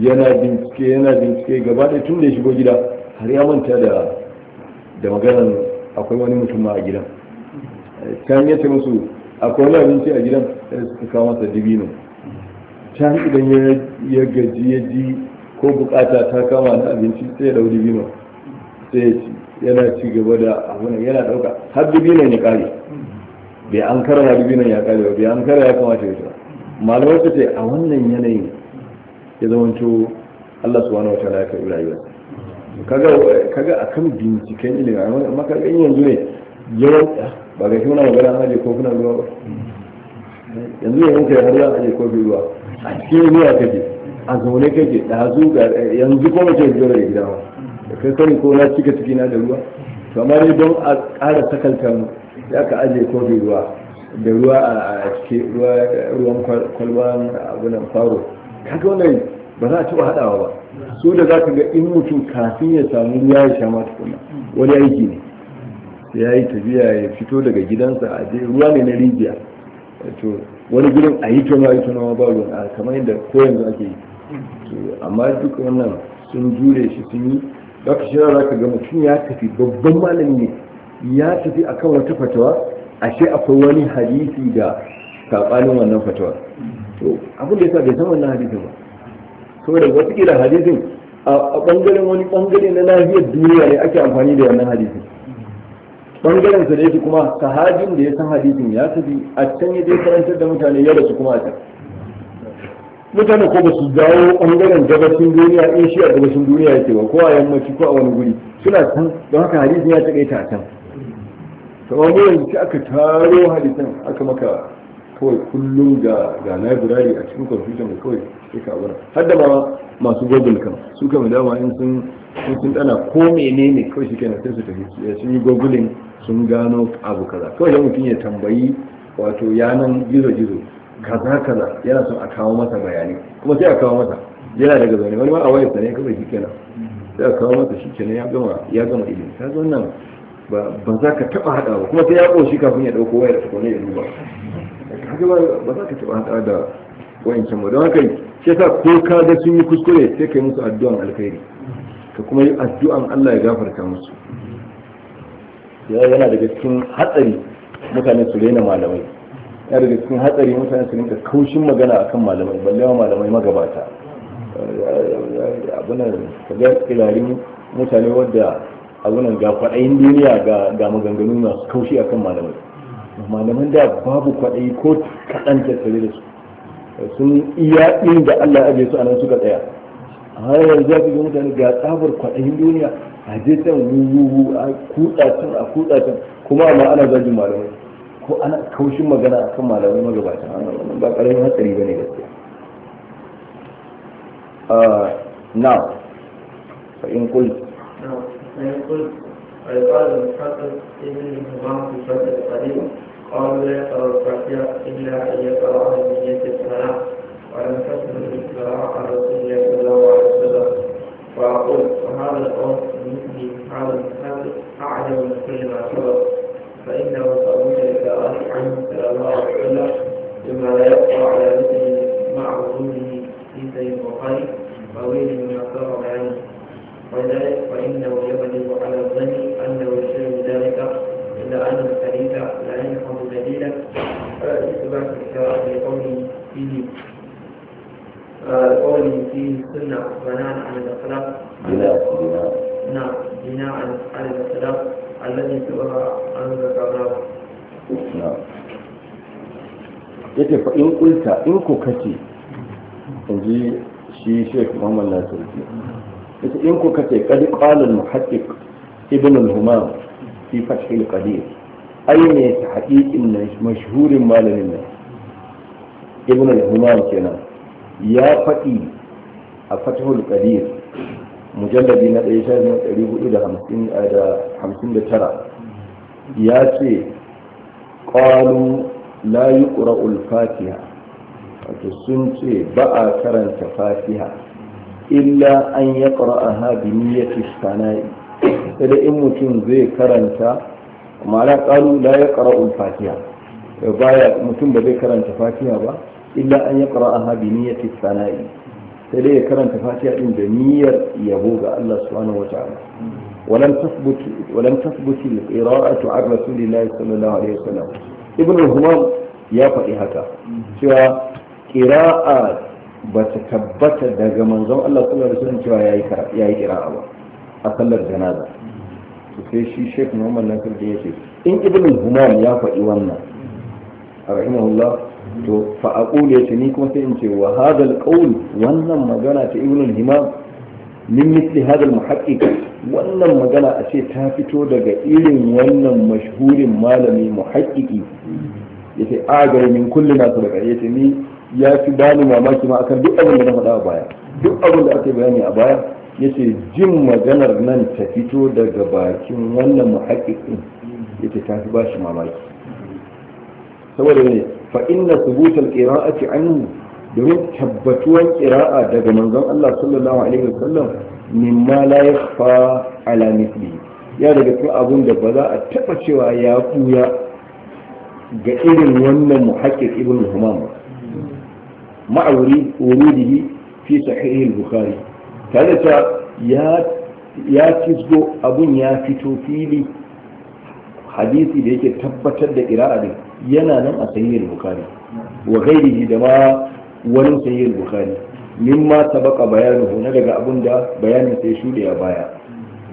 yana bincike yana bincike gaba da tun da ya shigo gida har ya manta da da maganar akwai wani mutum a gidan can ya ce musu akwai wani abinci a gidan sai suka kawo masa dibino can idan ya gaji ya ji ko bukata ta kama na abinci sai ya dau dibino sai ya ci yana ci gaba da abunan yana dauka har dibino ya kare bai an kara ma ya kare bai an kara ya kamata ya tura malamar su ce a wannan yanayin ya zama Allah subhanahu wa ta'ala ya karbi rayuwar kaga a kan binciken ilimi amma kaga in yanzu ne yawan ah, ba ga kuna magana an aje kofuna ruwa ba yanzu ne muka yi har an aje kofi ruwa a cikin ruwa kake a zaune kake da hazu ga yanzu ko mace zuwa daga gida ba da kai sani ko na cika ciki na da ruwa amma ne don a ƙara sakalta mu ka ajiye aje kofi ruwa da ruwa a cikin ruwan kwalban abunan faro kaga wannan ba za a taɓa haɗawa ba su da za ka ga in mutum kafin ya samu ya yi shama tukuna wani aiki ne ya yi tafiya ya fito daga gidansa a je ruwa ne na rijiya to wani gidan a yi tono a yi tono ba ruwan a kamar yadda ko yanzu ake yi amma duk wannan sun jure shi sun yi za ka shirar za ka ga mutum ya tafi babban malami ne ya tafi akan wata fatawa ashe akwai wani hadisi da saɓanin wannan fatawa to abin da sa bai san wannan hadisin ba saboda watakila hadisin a bangaren wani bangare na lafiyar duniya ne ake amfani da wannan hadisi bangaren su da yake kuma sahabin da ya san hadisin ya tafi a can ya je karantar da mutane ya rasu kuma a can mutane ko ba su dawo bangaren gabashin duniya in shi a gabashin duniya yake ba ko a yammaci ko a wani guri suna san don haka hadisin ya taƙaita a can kamar yanzu aka taro hadisin aka maka kawai kullum ga ga library a cikin computer mai kawai sai kawai bar har da ma masu google kan su kama dama in sun sun sun tana ko menene kawai shi kenan sai su tafi eh, sun yi googling sun gano abu kaza kawai dan mutum ya tambayi wato yanan gizo gizo kaza kaza yana son a kawo masa bayani kuma sai a kawo masa yana daga zaune wani ma a wayarsa ne kawai shi kenan sai a kawo masa shi kenan ya gama ya gama ilimi ka zo nan ba za ka taba hada ba kuma sai ya koshi kafin ya dauko wayar ta kone ya duba kaga ba za ka taɓa haɗa da wancan ba don haka shi sa ko ka ga sun yi kuskure sai ka yi musu addu'an alkhairi ka kuma yi addu'an Allah ya gafarta musu yana daga cikin hatsari mutane su rena malamai yana daga cikin hatsari mutane su rinka kaushin magana akan malamai balle ma malamai magabata abunan kaga kilarin mutane wadda abunan ga kwaɗayin duniya ga maganganu masu kaushi akan malamai malaman da babu kwaɗayi ko kaɗan tattare da su sun iya inda Allah ajiye su a nan suka tsaya amma yanzu za su ga mutane ga tsabar kwaɗayin duniya a je can wuwu a kuɗa can a kuɗa can kuma amma ana zagin malamai ko ana kaushin magana a kan malamai magabata wannan ba ƙaramin hatsari ba ne gaskiya na fa'in kul فيقول ويقال الحسن ابن همام في الفتح القديم قالوا لا يقرأ الفاتحة إلا أن يقرأها بنية الصلاة ولم تكن الإقراء عن رسول الله صلى الله عليه وسلم فأقول وهذا القول مثلي هذا المحل أعلم من كل ما سبق فإنه صلوات القراءة عنه صلى الله عليه وسلم بما لا يقرأ على مثله مع وجوده في سيد البخاري طويل مما سبق عنه وذلك فإنه يبلغ على الظن أنه يشير بذلك أن عنه لا ينفع دليلا إثبات الشرع لقوله فيه قوله فيه آه، السنة بناء على الأخلاق بناء نعم، بناء على الأخلاق الذي سبق أن ذكرناه نعم yake fa in kulta in ko kace in ji shi sheikh muhammad nasir yake in ko kace kadi muhaddiq ibn al humam fi fathil qadir ai ne ta haƙiƙin nan mashhurin malamin nan kenan ya faɗi a fathul qadir mujalladi na ɗaya eh, ya ce ƙwalu la yi ƙura'ul fatiha wato sun ce ba'a karanta fatiha illa an ya a bi niyyar sana'i sai da in mutum zai karanta ma'ana ƙalu da ya ƙara'un fatiha baya mutum ba zai karanta fatiha ba illa an ya ƙara'a bi niyyati sana'i sai dai ya karanta fatiha din da niyyar yabo ga Allah subhanahu wa ta'ala ولم تثبت ولم تثبت القراءة عن رسول الله صلى الله عليه ya faɗi haka, cewa فقيهتا سوى ta بتكبت daga منظم الله صلى الله عليه وسلم سوى يا a sallar janaza su sai shi sheikh muhammad nasir da ya ce in ibn humam ya faɗi wannan a rahimahullah to fa aqul ya ce ni kuma sai in ce wa hadha alqawl wannan magana ta ibn humam min misli hadha almuhaqqiq wannan magana a ce ta fito daga irin wannan mashhurin malami muhaqqiqi yace agare min kulli ma sabaka yace ni ya fi bani mamaki ma akan duk abin da na faɗa a baya duk abin da aka bayani a baya yace jin maganar nan ta fito daga bakin wannan ya ce ta fi bashi mamaki saboda ne fa inna thubutal qira'ati anhu domin tabbatuwan qira'a daga manzon Allah sallallahu alaihi wasallam mimma la yakhfa ala mithli ya daga cikin abun da ba za a taba cewa ya kuya ga irin wannan muhaqqiq ibn humam ma'awri wurudihi fi sahih al-bukhari tare ya cizgo abun ya fito fili hadisi da yake tabbatar da ira'a yana nan a sahihul bukari wa da ma wani sahihul bukhari mimma sabaqa bayanuhu na daga abunda da bayanin sai shuɗe a baya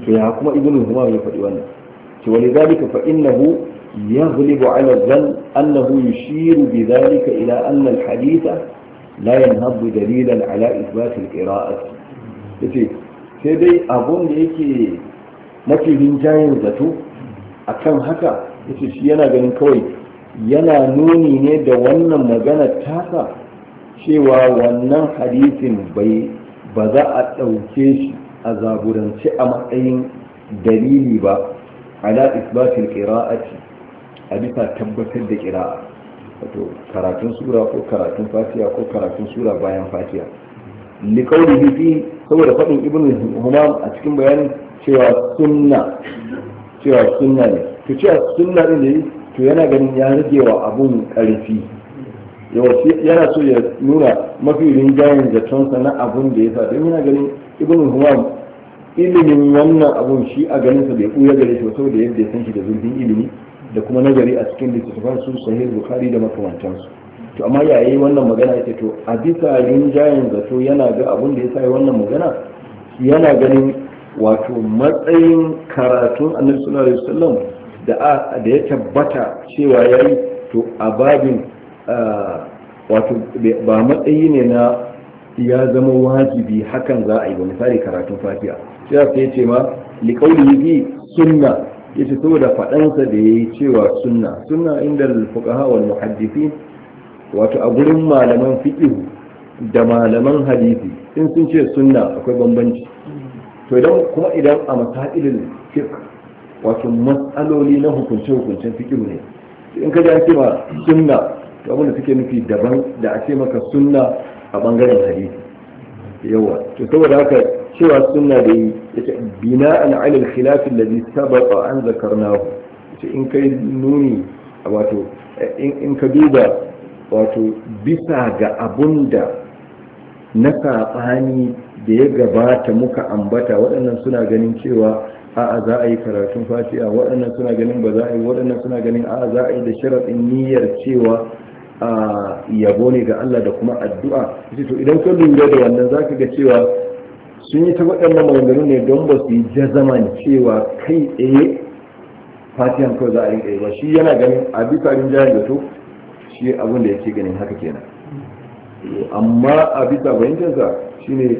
to ya kuma ibnu humam ya faɗi wannan to walidhalika fa innahu يغلب على الظن أنه ila بذلك إلى أن الحديث لا dalilan ala على إثبات القراءة yace sai dai abun da yake mafi rinjayen zato akan haka yace shi yana ganin kawai yana nuni ne da wannan magana tasa cewa wannan hadisin bai ba za a ɗauke shi a zaburance a matsayin dalili ba ala isbatil qira'ati a bisa tabbatar da qira'a wato karatun sura ko karatun fatiha ko karatun sura bayan fatiya. li qawlihi fi saboda fadin ibnu humam a cikin bayanin cewa sunna cewa sunna ne to cewa sunna din ne to yana ganin ya wa abun karfi yana so ya nuna mafi rinjayen zatonsa na abun da ya sa don yana ganin ibn humam ilimin wannan abun shi a ganin sa bai kuya gare shi saboda yadda ya san shi da zurfin ilimi da kuma nazari a cikin littattafan su sahih bukhari da makamantansu to amma yayi wannan magana ita to a bisa rinjayen zato yana ga abin da ya sa wannan magana yana ganin wato matsayin karatun annabi sallallahu alaihi wasallam da da ya tabbata cewa yayi to a babin wato ba matsayi ne na ya zama wajibi hakan za a yi ba misali karatun fatiha sai ya sai ce ma liqauli bi sunna yace saboda fadansa da yayi cewa sunna suna inda al-fuqaha wal muhaddithin wato a gurin malaman fiƙihu da malaman hadisi in sun ce sunna akwai bambanci to idan kuma idan a masailin fiƙ wato matsaloli na hukunce hukuncen fiƙihu ne in ka ji an sunna to abin suke nufi daban da a ce maka sunna a bangaren hadisi yawa to saboda haka cewa sunna da yi yace bina'an 'ala al-khilaf alladhi sabaqa an zakarnahu in kai nuni wato in ka duba wato bisa ga abun da na saɓani da ya gabata muka ambata waɗannan suna ganin cewa a'a za a yi karatun fatiha waɗannan suna ganin ba za a yi waɗannan suna ganin a'a za a yi da sharaɗin niyyar cewa a yabo ne ga Allah da kuma addu'a to idan ka lura da wannan zaka ga cewa sun yi ta waɗannan maganganu ne don ba su yi jazaman cewa kai tsaye fatiyan kawai za a yi ba shi yana ganin a bisa rinjayen da to shi abin da yake ganin haka kenan amma a bisa bayyantarsa shine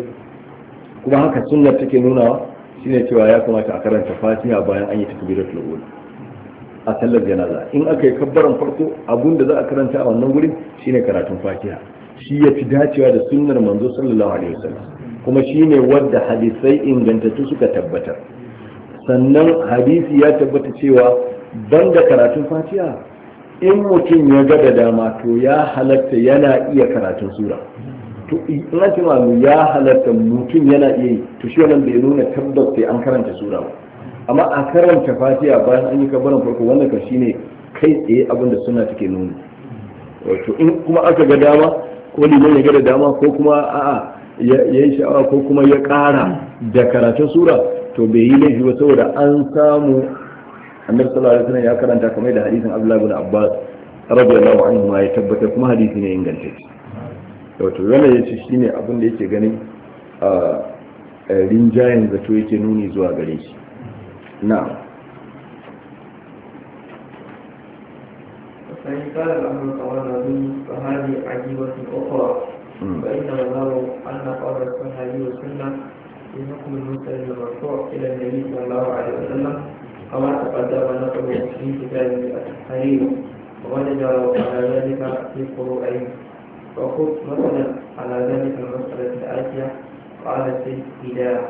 kuma haka sunnar take nunawa shine cewa ya kamata a karanta fatiha bayan an yi takbiratul tulubuli a sallar janaza in aka yi kabbaran farko abun da za a karanta a wannan gurin shine karatun fatiha shi ya fi dacewa da sunnar manzo sallallahu alaihi wasallam kuma shine wadda hadisai ingantattu suka tabbatar sannan hadisi ya tabbata cewa ban da karatun fatiha in mutum ya ga da dama to ya halatta yana iya karatun sura to in an cewa ya halatta mutum yana iya yi to shi wannan bai nuna tabbas sai an karanta sura ba amma a karanta fatiha bayan an yi kabarin farko wannan kan shine kai tsaye abin suna take nuni wato in kuma aka ga dama ko liman ya ga da dama ko kuma a'a ya yi sha'awa ko kuma ya ƙara da karatun sura to bai yi laifi ba saboda an samu annabi sallallahu alaihi wasallam ya karanta kamar da hadisin Abdullah ibn Abbas radiyallahu anhu ma ya tabbata kuma hadisi ne ingantacce wato wannan yace shine abin da yake ganin a rinjayen zato yake nuni zuwa gare shi na'am فإن كان الأمر تواضع فهذه عجيبة أخرى فإن الله أن قول الصحابي والسنة في حكم المسلم المرفوع إلى النبي صلى الله عليه وسلم كما تقدم نقل في كتاب الحرير ونجر على ذلك في فروعين وخذ مثلا على ذلك المسألة الآتية قال السيد إذا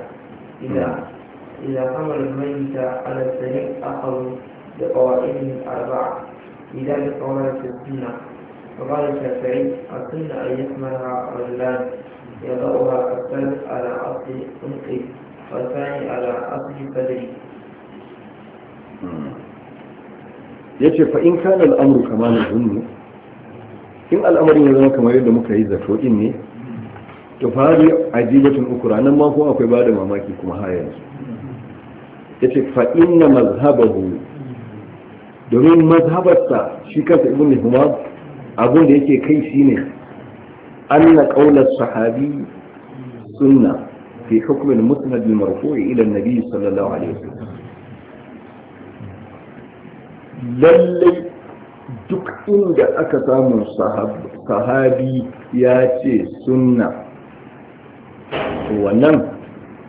إذا إذا حمل الميت على السريع أخذ بقوائمه الأربعة لذلك قال السنة وقال الشافعي السنة أن يحملها رجلان يضعها الثالث على أصل عنقه والثاني على أصل بدري ya ce fa in kana al'amuru kamar na zunnu in al'amarin ya zama kamar yadda muka yi zato in ne to fari ajibatun uku ranar mako kuma akwai bada mamaki kuma har yanzu ya ce fa inna mazhabahu domin mazhabarsa shi kansa ibn humab abin da yake kai shine anna qawla sahabi sunna fi hukm al-musnad al-marfu' ila an-nabi sallallahu alaihi wasallam lallai duk inda aka samu sahabi ya ce sunna wannan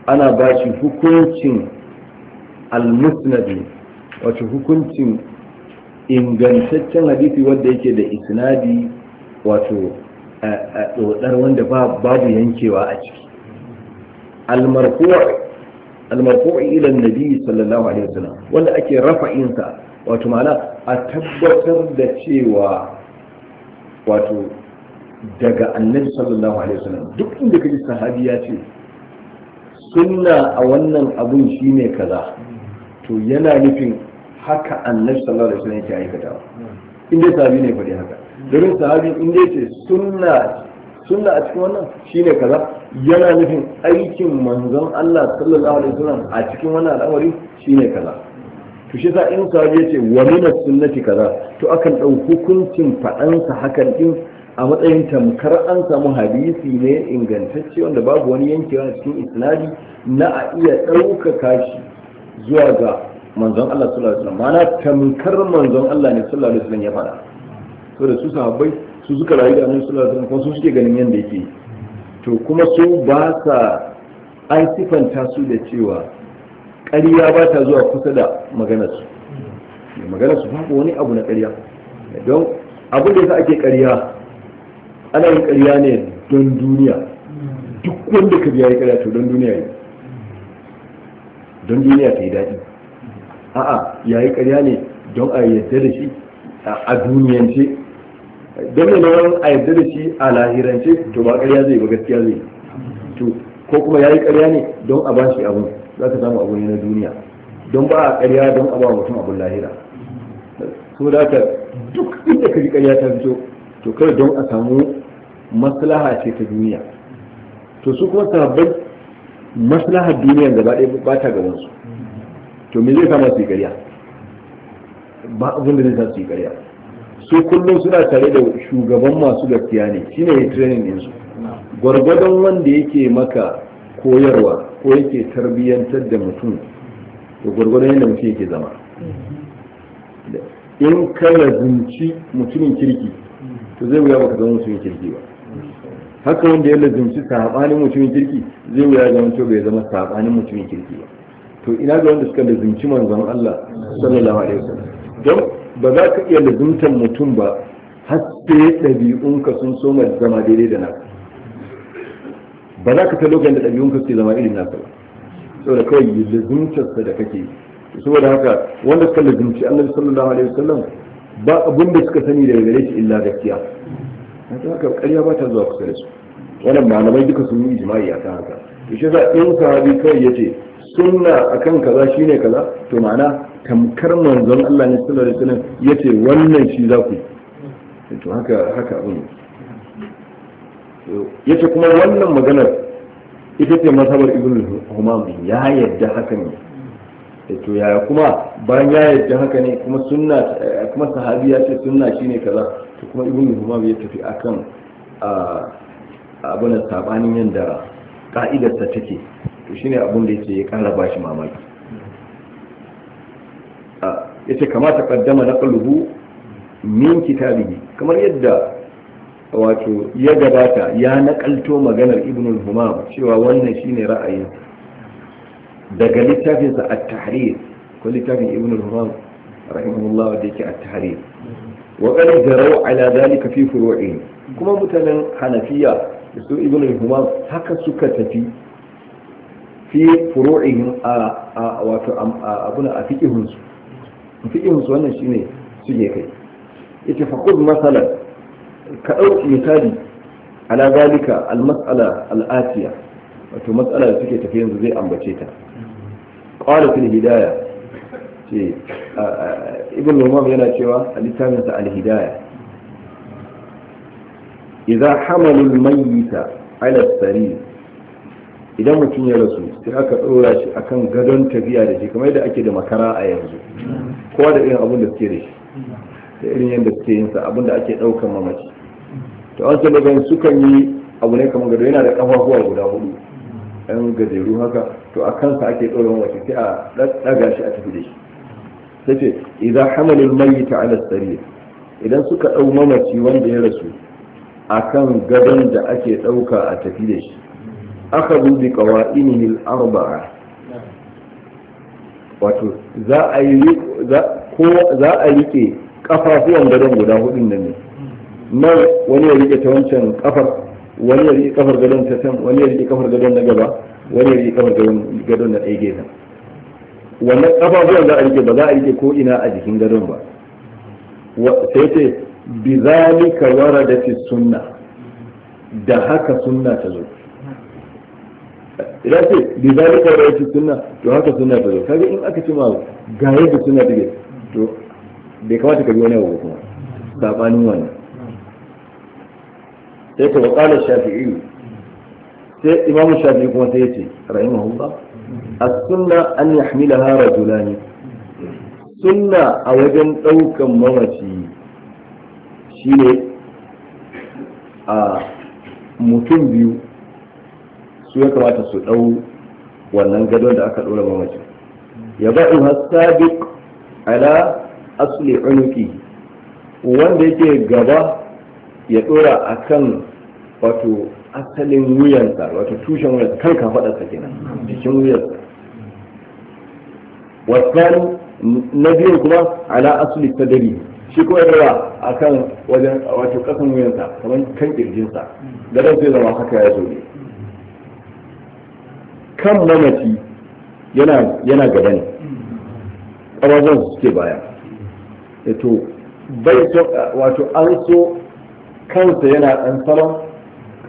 ana ba shi hukuncin almusnadi wato hukuncin ingantaccen hadisi wanda yake da isnadi wato ɗodar wanda babu yankewa a ciki almarfu'i ilan nabi sallallahu alaihi wasallam wanda ake rafa'insa wato ma'ana a tabbatar da cewa wato daga annabi sallallahu alaihi wasallam duk inda kaji sahabi ya ce sunna a wannan abun shine kaza to yana nufin haka annabi sallallahu alaihi wasallam yake aikatawa inda sahabi ne faɗi haka domin sahabi inda ce sunna sunna a cikin wannan shine kaza yana nufin aikin manzon Allah sallallahu alaihi wasallam a cikin wannan al'amari shine kaza to shi yasa in ya ce wa min sunnati kaza to akan dau hukuncin faɗansa hakan din a matsayin tamkar an samu hadisi ne ingantacce wanda babu wani yankewa a cikin isnadi na a iya ɗaukaka shi zuwa ga manzon Allah sallallahu alaihi wasallam mana tamkar manzon Allah ne sallallahu alaihi wasallam ya faɗa to da su sahabbai su suka rayu da annabi sallallahu alaihi wasallam kuma su suke ganin yanda yake to kuma su ba sa an sifanta su da cewa ƙarya ba ta zuwa kusa da maganarsu maganarsu babu wani abu na ƙarya don abin da yasa ake ƙarya ana yin ƙarya ne don duniya duk wanda ka biya yi ƙarya to don duniya yi don duniya ta yi daɗi a'a ya yi ƙarya ne don a yadda da shi a duniyance don ne nan a yadda da shi a lahirance to ba ƙarya zai ba gaskiya zai to ko kuma ya yi ƙarya ne don a ba shi abin za ka samu abu ne na duniya don ba a ƙarya don a ba mutum abun lahira so da ka duk inda ka ji ƙarya ta fito to kai don a samu maslaha ce ta duniya to su kuma sabbin maslahar duniya gaba ɗaya ba ta gaban su to me zai kama su yi ƙarya ba abin da zai sa su yi ƙarya su kullum suna tare da shugaban masu gaskiya ne shine ya training ɗinsu gwargwadon wanda yake maka koyarwa ko yake tarbiyyantar da mutum to gwargwadon yadda mutum yake zama in ka lazumci mutumin kirki to zai wuya baka zama mutumin kirki ba haka wanda ya lazumci sabanin mutumin kirki zai wuya ga mutum bai zama sabanin mutumin kirki ba to ina ga wanda suka lazumci manzon Allah sallallahu alaihi wasallam don ba za ka iya lazumtan mutum ba har sai ɗabi'unka sun soma zama daidai da naka ba za ka ta lokacin da ɗabi'un ke zama irin nasa ba saboda kawai lazimtarsa da kake saboda haka wanda suka lazimci annabi sallallahu alaihi wasallam ba abin da suka sani daga gare shi illa gaskiya haka haka ƙarya ba ta zuwa kusa da su wannan malamai duka sun yi ijma'i akan haka yace za in sahabi kai yace sunna akan kaza shine kaza to ma'ana tamkar manzon Allah ne sallallahu alaihi wasallam yace wannan shi za ku to haka haka abin yace kuma wannan maganar ita ce mazhabar ibn humam ya yadda haka ne eh, to yaya kuma bayan ya yadda haka ne kuma sunna eh, kuma sahabi ya ce sunna shine kaza to kuma ibn humam ya tafi akan abin sabanin yanda ta take to shine abin da yake ya kara bashi mamaki yace kamata kaddama naqluhu min kitabihi kamar yadda wato ya gabata ya nakalto maganar ibnul humam cewa wannan shine ra'ayin daga littafinsa at-tahrir ko littafin ibnul humam rahimahullah da yake at-tahrir wa qad jaraw ala dhalika fi furu'in kuma mutanen hanafiya da su ibnul humam haka suka tafi fi furu'ihim a wato abuna a fiqihunsu fiqihunsu wannan shine suke kai ita faqud masalan ka ɗauki misali ala zalika al-mas'ala al-atiya wato matsala da suke tafi yanzu zai ambace ta qala fil hidaya ce ibn Umar yana cewa a littafin sa al-hidaya idza hamalu al-mayyita ala sarir idan mutum ya rasu sai aka ɗora shi akan gadon tafiya da shi kamar yadda ake da makara a yanzu kowa da irin abun da suke da shi da irin yadda suke yin sa abun da ake ɗaukar mamaci to wasu daga sukan yi abu ne kamar gado yana da kafafuwa guda hudu ɗan gajeru haka to a kansa ake tsoron wace sai a ɗaga shi a tafi da shi sai ce idan hamalin mayyita ala sariya idan suka dau mamaci wanda ya rasu a kan gadon da ake ɗauka a tafi da shi aka zubi qawa'inihi al-arba'a wato za a yi za a rike kafafuwan gadon guda hudun nan ne na wani ya rike ta wancan kafar wani ya rike kafar gadon ta san wani ya rike kafar gadon na gaba wani ya rike kafar gadon na ɗaya gefen wannan kafafuwan za a rike ba za a rike ko ina a jikin gadon ba sai ce bi zalika waradati sunna da haka sunna ta zo idan ce bi zalika fi sunna to haka sunna ta zo kaga in aka ci ma ga yadda sunna take to bai kamata ka bi wani abu kuma saɓanin wannan sai ta da shafi'i sai imamu shafi'i kuma sai ya ce rahimahullah as-sunna an yahmilaha rajulani sunna a wajen ɗaukan mamaci shine a mutum biyu su ya kamata su ɗau wannan gadon da aka ɗora mamaci. ya ba'u hasabiq ala asli unuki wanda yake gaba ya ɗora akan wato asalin wuyansa wato tushen wuyansa kan kafaɗarsa kenan jikin wuyansa wasu na biyu kuma ala asli sadari shi kuma yawa a kan wajen wato kasan wuyansa kamar kan kirjinsa gadon zai zama haka ya zo ne kan mamaci yana gaba ne su suke baya to bai wato an so kansa yana ɗan salon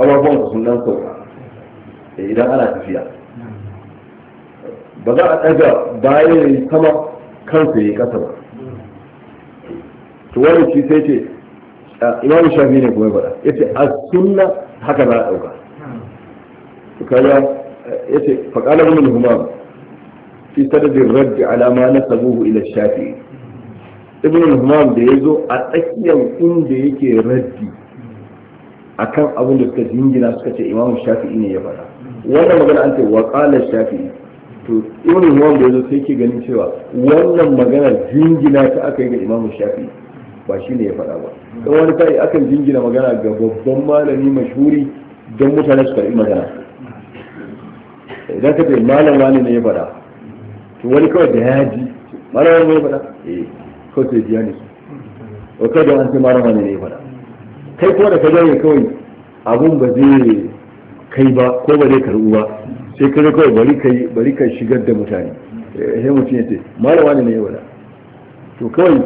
ƙawarwan sun sunan sauka eh, idan ana tafiya ba za a ɗaga bayan sama kansa ya yi ƙasa ba to wani shi sai ce shafi ne kuma faɗa ya ce a sunna haka za a ɗauka to kaga ya ce faƙalar min humam fi sadadin raddi alama na sabuhu ila shafi ibn huma da ya zo a tsakiyar inda yake raddi akan abin da suka jingina suka ce imamu shafi'i ne ya faɗa wannan magana an ce wa qala shafi'i to irin wanda yazo sai ke ganin cewa wannan magana jingina ta aka yi ga imamu shafi'i ba shi ne ya faɗa ba don wani sa'i akan jingina magana ga babban malami mashhuri don mutane su karɓi magana idan ka ce malam wani ne ya faɗa to wani kawai da ya ji malam wani ne ya faɗa eh kawai sai ya ji ne kawai da an ce malam wani ne ya faɗa kai ko da ka gane kawai abun ba zai kai ba ko ba zai karbu ba sai ka kawai bari kai bari ka shigar da mutane eh, sai mutum ya ce malama ne ya wada to kawai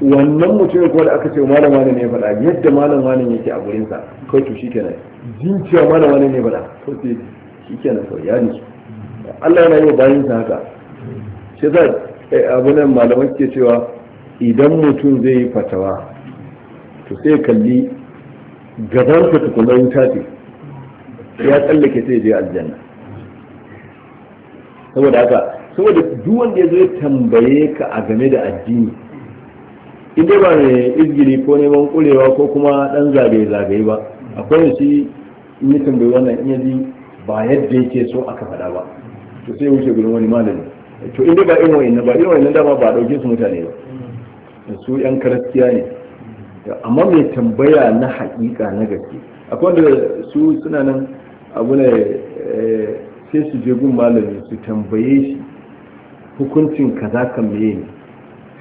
wannan mutumin ko da aka ce malama ne ya faɗa yadda malama ne yake a gurin sa kai to shikenan jinciya malama ne ya faɗa to sai shikenan kawai ya nishi Allah yana yi wa bayin sa haka sai za eh, nan malaman ke cewa idan mutum zai yi fatawa to sai kalli gabansa tukunan wuta ce ya tsallake sai je aljanna saboda haka saboda duk wanda ya zo ya tambaye ka a game da addini in dai ba ne izgiri ko neman kurewa ko kuma dan zagaye-zagaye ba akwai shi in yi tambayi wannan in yaji ba yadda yake so aka faɗa ba to sai wuce gurin wani malami to in dai ba irin wa'in ba irin wa'in dama ba a ɗauke su mutane ba su yan karaskiya ne amma mai tambaya na haƙiƙa na gaske akwai wanda su suna nan abu ne eh, sai su je gun malami su tambaye shi hukuncin kaza kan meye ne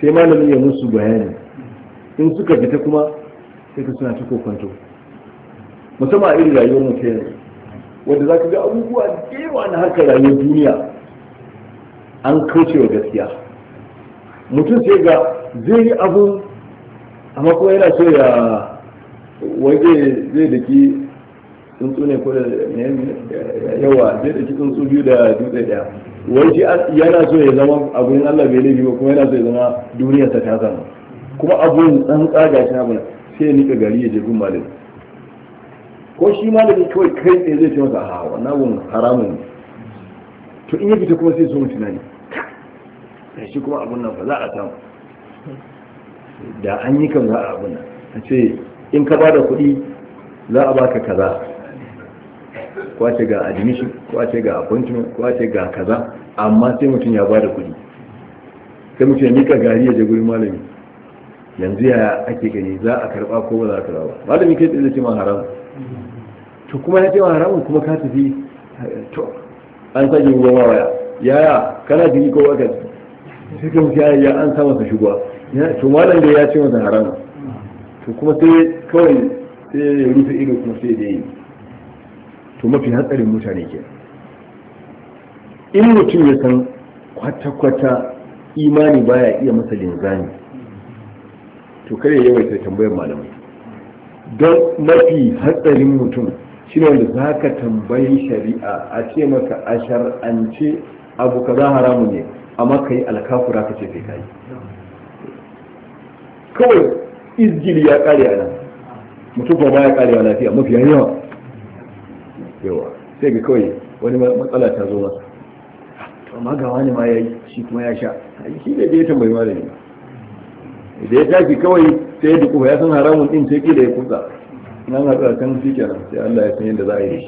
sai malami ya musu bayani in suka fita kuma sai ka suna ta kokonto musamman a irin rayuwar mutum yanzu wanda za ka ga abubuwa da yawa na haka rayuwar duniya an kauce wa gaskiya mutum sai ga zai yi abu amma kuma yana so ya waje zai da ki tsuntsu ne ko da yawa zai da ki tsuntsu biyu da dutse daya wai shi yana so ya zama a Allah bai laifi ba kuma yana so ya zama duniyar ta ta zama kuma abun dan tsaga shi abun sai ya nika gari ya je gun malami ko shi malami kawai kai tsaye zai ce masa a wannan abun haramun ne to in ya fita kuma sai so mutunani shi kuma abun nan ba za a samu da an yi kan za a abin a ce in ka ba da kuɗi za a baka kaza kwace ga admission kwace ga appointment kwace ga kaza amma sai mutum ya ba da kuɗi sai mutum ya mika gari ya je gurin malami yanzu ya ake gani za a karba ko ba za a karba ba malami kai tsaye ce ma haram to kuma ya ce ma haramun kuma ka tafi to an sake ruwa waya yaya kana jini ko waka sai kan ya an sa masa shugaba to malam da ya ce masa haram to kuma sai kawai sai ya rufe ido kuma sai da yi to mafi hatsarin mutane ke in mutum ya san kwata-kwata imani baya iya masa linzami to kare yawaita tambayar malamai don mafi hatsarin mutum shine wanda za ka tambayi shari'a a ce maka a shar'ance abu ka za haramu ne amma ka yi alkafura ka ce kai kayi kawai izgili ya kare a nan mutum kuma ya kare a lafiya mafiya yawa yawa sai ga kawai wani matsala ta zo masa to amma ga wani ma ya yi shi kuma ya sha shi da ya tambayi malami da ya tafi kawai sai ya duku ya san haramun din sai da ya kusa nan ga kan shi kenan sai Allah ya san yadda za a yi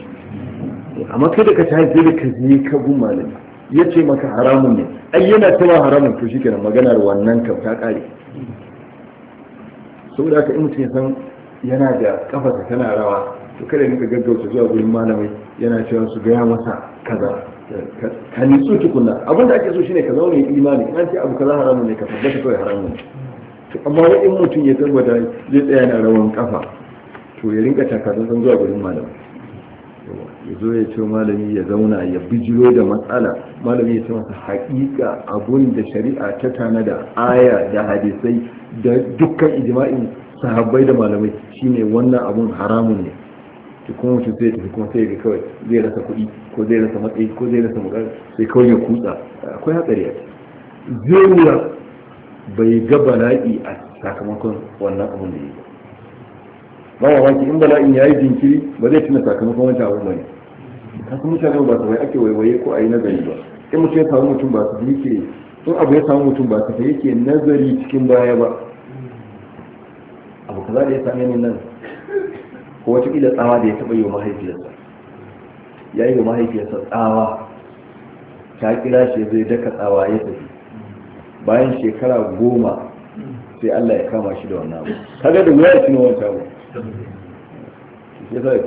shi amma kada ka tafi da ka je ka gun malami ya ce maka haramun ne ai yana cewa haramun to shi kenan maganar wannan kam ta kare saboda aka yi mutum ya san yana da kafarsa tana rawa to kada nika gaggauta zuwa gurin malamai yana cewa su gaya masa kaza ka nitsu tukunna abinda ake so shine ka zauna yi imani in an ce abu kaza haramu ne ka tabbata kawai haramu ne to amma wani in mutum ya tabbata zai tsaya na rawan kafa to ya rinka takardun zuwa gurin malamai ya zo ya ce malami ya zauna ya bijiro da matsala malami ya ce masa haƙiƙa abun da shari'a ta da aya da hadisai da dukkan ijma'in sahabbai da malamai shine wannan abun haramun ne ki kuma mutum zai tafi kuma sai ga kawai zai rasa kuɗi ko zai rasa matsayi ko zai rasa mugar sai kawai ya kutsa akwai hatsari a zai bai ga bala'i a sakamakon wannan abun da ya yi ba wa wanki in bala'in ya yi jinkiri ba zai tuna sakamakon wancan abin bane kasan mutane ba su wai ake waiwaye ko a yi nazari ba in mutum ya samu mutum ba su yake in abu ya samu mutum ba su yake nazari cikin baya ba abu kaza da ya same ni nan ko wata ila tsawa da ya taɓa yi wa mahaifiyarsa ya yi wa mahaifiyarsa tsawa ta kira shi zai daka tsawa ya tafi bayan shekara goma sai Allah ya kama shi da wannan abu kaga da wuya ya tuna wancan abu yasa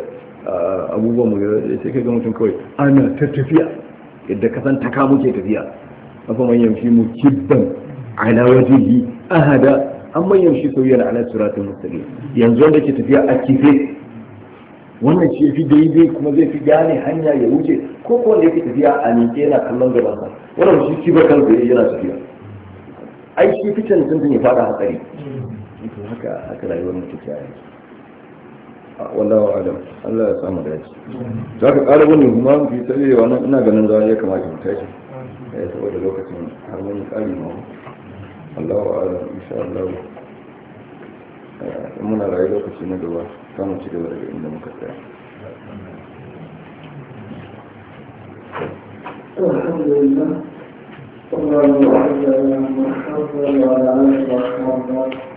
abubuwan mu sai ka ga mutum kawai ana ta tafiya yadda ka san taka muke tafiya afa man yamshi mu kibban ala wajhihi ahada an man yamshi sawiyan ala siratin mustaqim yanzu wanda ke tafiya a kife wannan shi fi daidai kuma zai fi gane hanya ya wuce ko ko wanda yake tafiya a miƙe yana kallon gaban sa wannan shi kibar kansa yana tafiya ai shi fitan sun ya fada hatsari haka haka rayuwar mutum ta yi wallahu alam Allah ya samu dace za ka ƙara wani kuma fi tsarewa nan ina ganin za ya kamata mu tashi ya eh, saboda lokacin har wani ƙari ma Allahu alam insha Allah in eh, muna rayu lokaci na gaba za mu ci gaba daga inda muka tsaya Alhamdulillah, Allah ya wa ala alihi wa sahbihi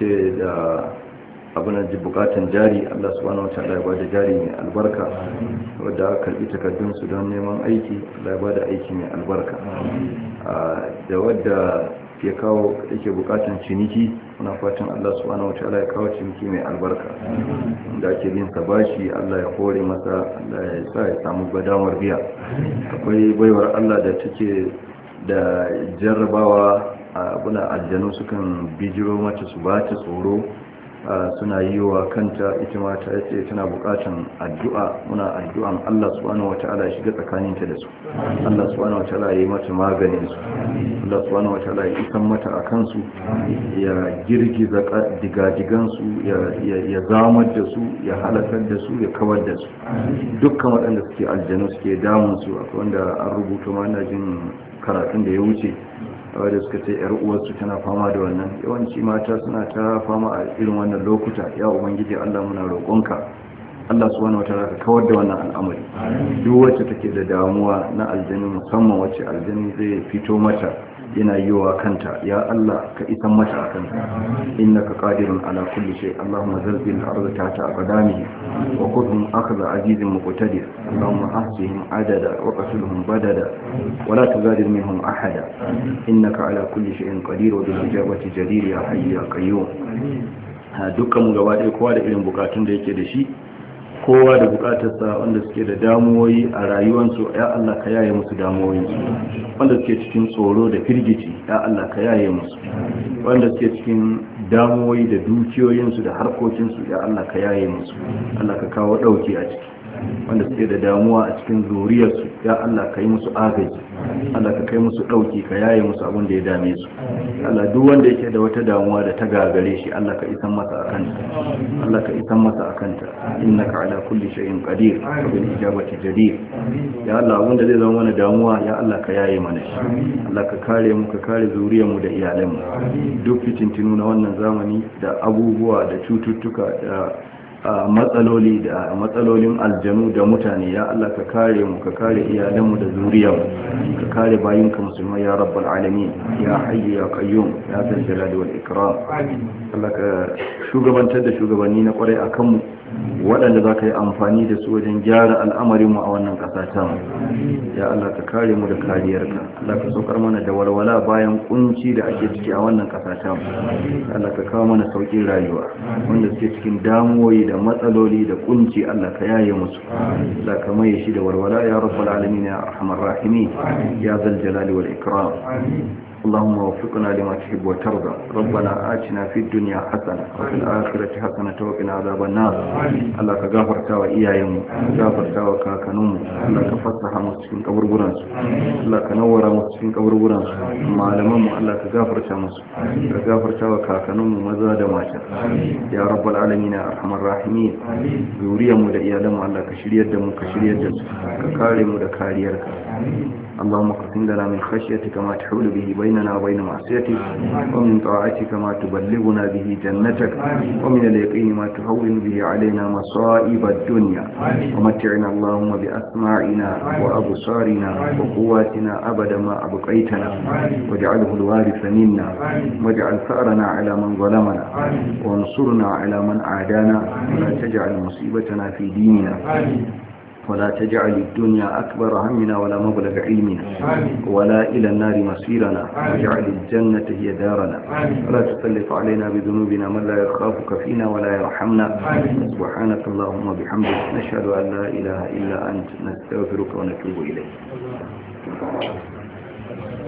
suke da abinan bukatan jari allah subhanahu wa ta'ala ya bada jari mai albarka wadda aka karbi takardunsu don neman aiki allah ya bada aiki mai albarka da wadda ya kawo yake bukatan ciniki muna fatan Allah subhanahu wa ta'ala ya kawo ciniki mai albarka da ake bin sa bashi Allah ya kore masa Allah ya sa ya samu badawar biya akwai baiwar Allah da take da jarrabawa abuna aljanu sukan bijiro mata su ba ta tsoro suna yi wa kanta ita ma ta yace tana bukatan addu'a muna addu'an Allah subhanahu wataala ya shiga tsakaninta da su Allah subhanahu wataala ya yi mata maganin su Allah subhanahu wataala ya isan mata akan su ya girgiza digadigan su ya zamar da su ya halakar da su ya kawar da su dukkan waɗanda suke aljanu suke damun su akwai wanda an rubuta ma jin karatun da ya wuce wadda suka ce yar uwarsu tana fama da wannan yawanci mata suna ta fama a irin wannan lokuta ya ubangiji Allah muna roƙonka Allah subhanahu wataala ka kawar da wannan al'amari duk wacce take da damuwa na aljini musamman wacce aljini zai fito mata yana yi wa kanta ya Allah ka isan mata a kanta innaka qadirun ala kulli shay Allahumma zalzil al-ardh tahta aqdamihi wa khudhum akhadha azizin muqtadir Allahumma ahsihim adada wa qasilhum badada wa la tuzadir minhum ahada innaka ala kulli shay'in qadir wa bil ijabati jadir ya hayy ya qayyum dukkan mu gaba ɗaya kowa da irin bukatun da yake da shi kowa da bukatarsa wanda suke da damuwoyi a rayuwarsu ya Allah ka yaye musu damuwoyi wanda suke cikin tsoro da firgici ya Allah ka yaye musu wanda suke cikin damuwoyi da dukiyoyinsu da harkokinsu ya Allah ka yaye musu Allah ka kawo dauki a ciki wanda suke da damuwa a cikin zuriyarsu ya Allah ka yi musu agaji Allah ka kai musu ɗauki ka yaye musu abin da ya dame su Allah duk wanda yake da wata damuwa da ta gagare shi Allah ka isan masa a kanta Allah ka isan masa a kanta innaka ala kulli shay'in qadir bil ijabati jadir ya Allah abin zai zama mana damuwa ya Allah ka yaye mana shi Allah ka kare mu ka kare zuriyarmu da iyalanmu duk fitintinu na wannan zamani da abubuwa da cututtuka da matsaloli da matsalolin aljanu da mutane ya Allah ka kare mu ka kare iyalanmu da zuriyar ka kare bayinka musulmai ya rabbal alamin ya hayyu ya qayyum ya zal jalali wal ikram Allah ka shugabantar da shugabanni na kwarai akan mu waɗanda za ka yi amfani da su wajen gyara al'amarinmu a wannan ƙasa ya Allah ka kare mu da kariyarka Allah ka saukar mana da walwala bayan kunci da ake ciki a wannan ƙasa ta Allah ka kawo mana sauƙin rayuwa wanda suke cikin damuwoyi da matsaloli da kunci Allah ka yaye musu Allah ka maye shi da walwala ya rabbal alamin ya arhamar rahimin ya zal jalali wal ikram اللهم وفقنا لما تحب وترضى ربنا آتنا في الدنيا حسنة وفي الآخرة حسنة وقنا عذاب النار الله كغفر تاوى إيايم كغفر تاوى كاكنوم الله كفتح مسكين كبر برانس الله كنور مسكين كبر برانس معلمم الله كغفر تاوى كغفر تاوى كاكنوم مزاد ماشا يا رب العالمين يا أرحم الراحمين يوريم ودئيالم الله كشريد دم كشريد دم ككارم ودكاريرك اللهم اقسم لنا من خشيتك ما تحول به بيننا وبين معصيتك ومن طاعتك ما تبلغنا به جنتك ومن اليقين ما تهون به علينا مصائب الدنيا ومتعنا اللهم بأسماعنا وأبصارنا وقواتنا أبدا ما أبقيتنا واجعله الوارث منا واجعل ثأرنا على من ظلمنا وانصرنا على من عادانا ولا تجعل مصيبتنا في ديننا ولا تجعل الدنيا أكبر همنا ولا مبلغ علمنا ولا إلى النار مصيرنا واجعل الجنة هي دارنا ولا تسلط علينا بذنوبنا من لا يخافك فينا ولا يرحمنا سبحانك اللهم وبحمدك نشهد أن لا إله إلا أنت نستغفرك ونتوب إليك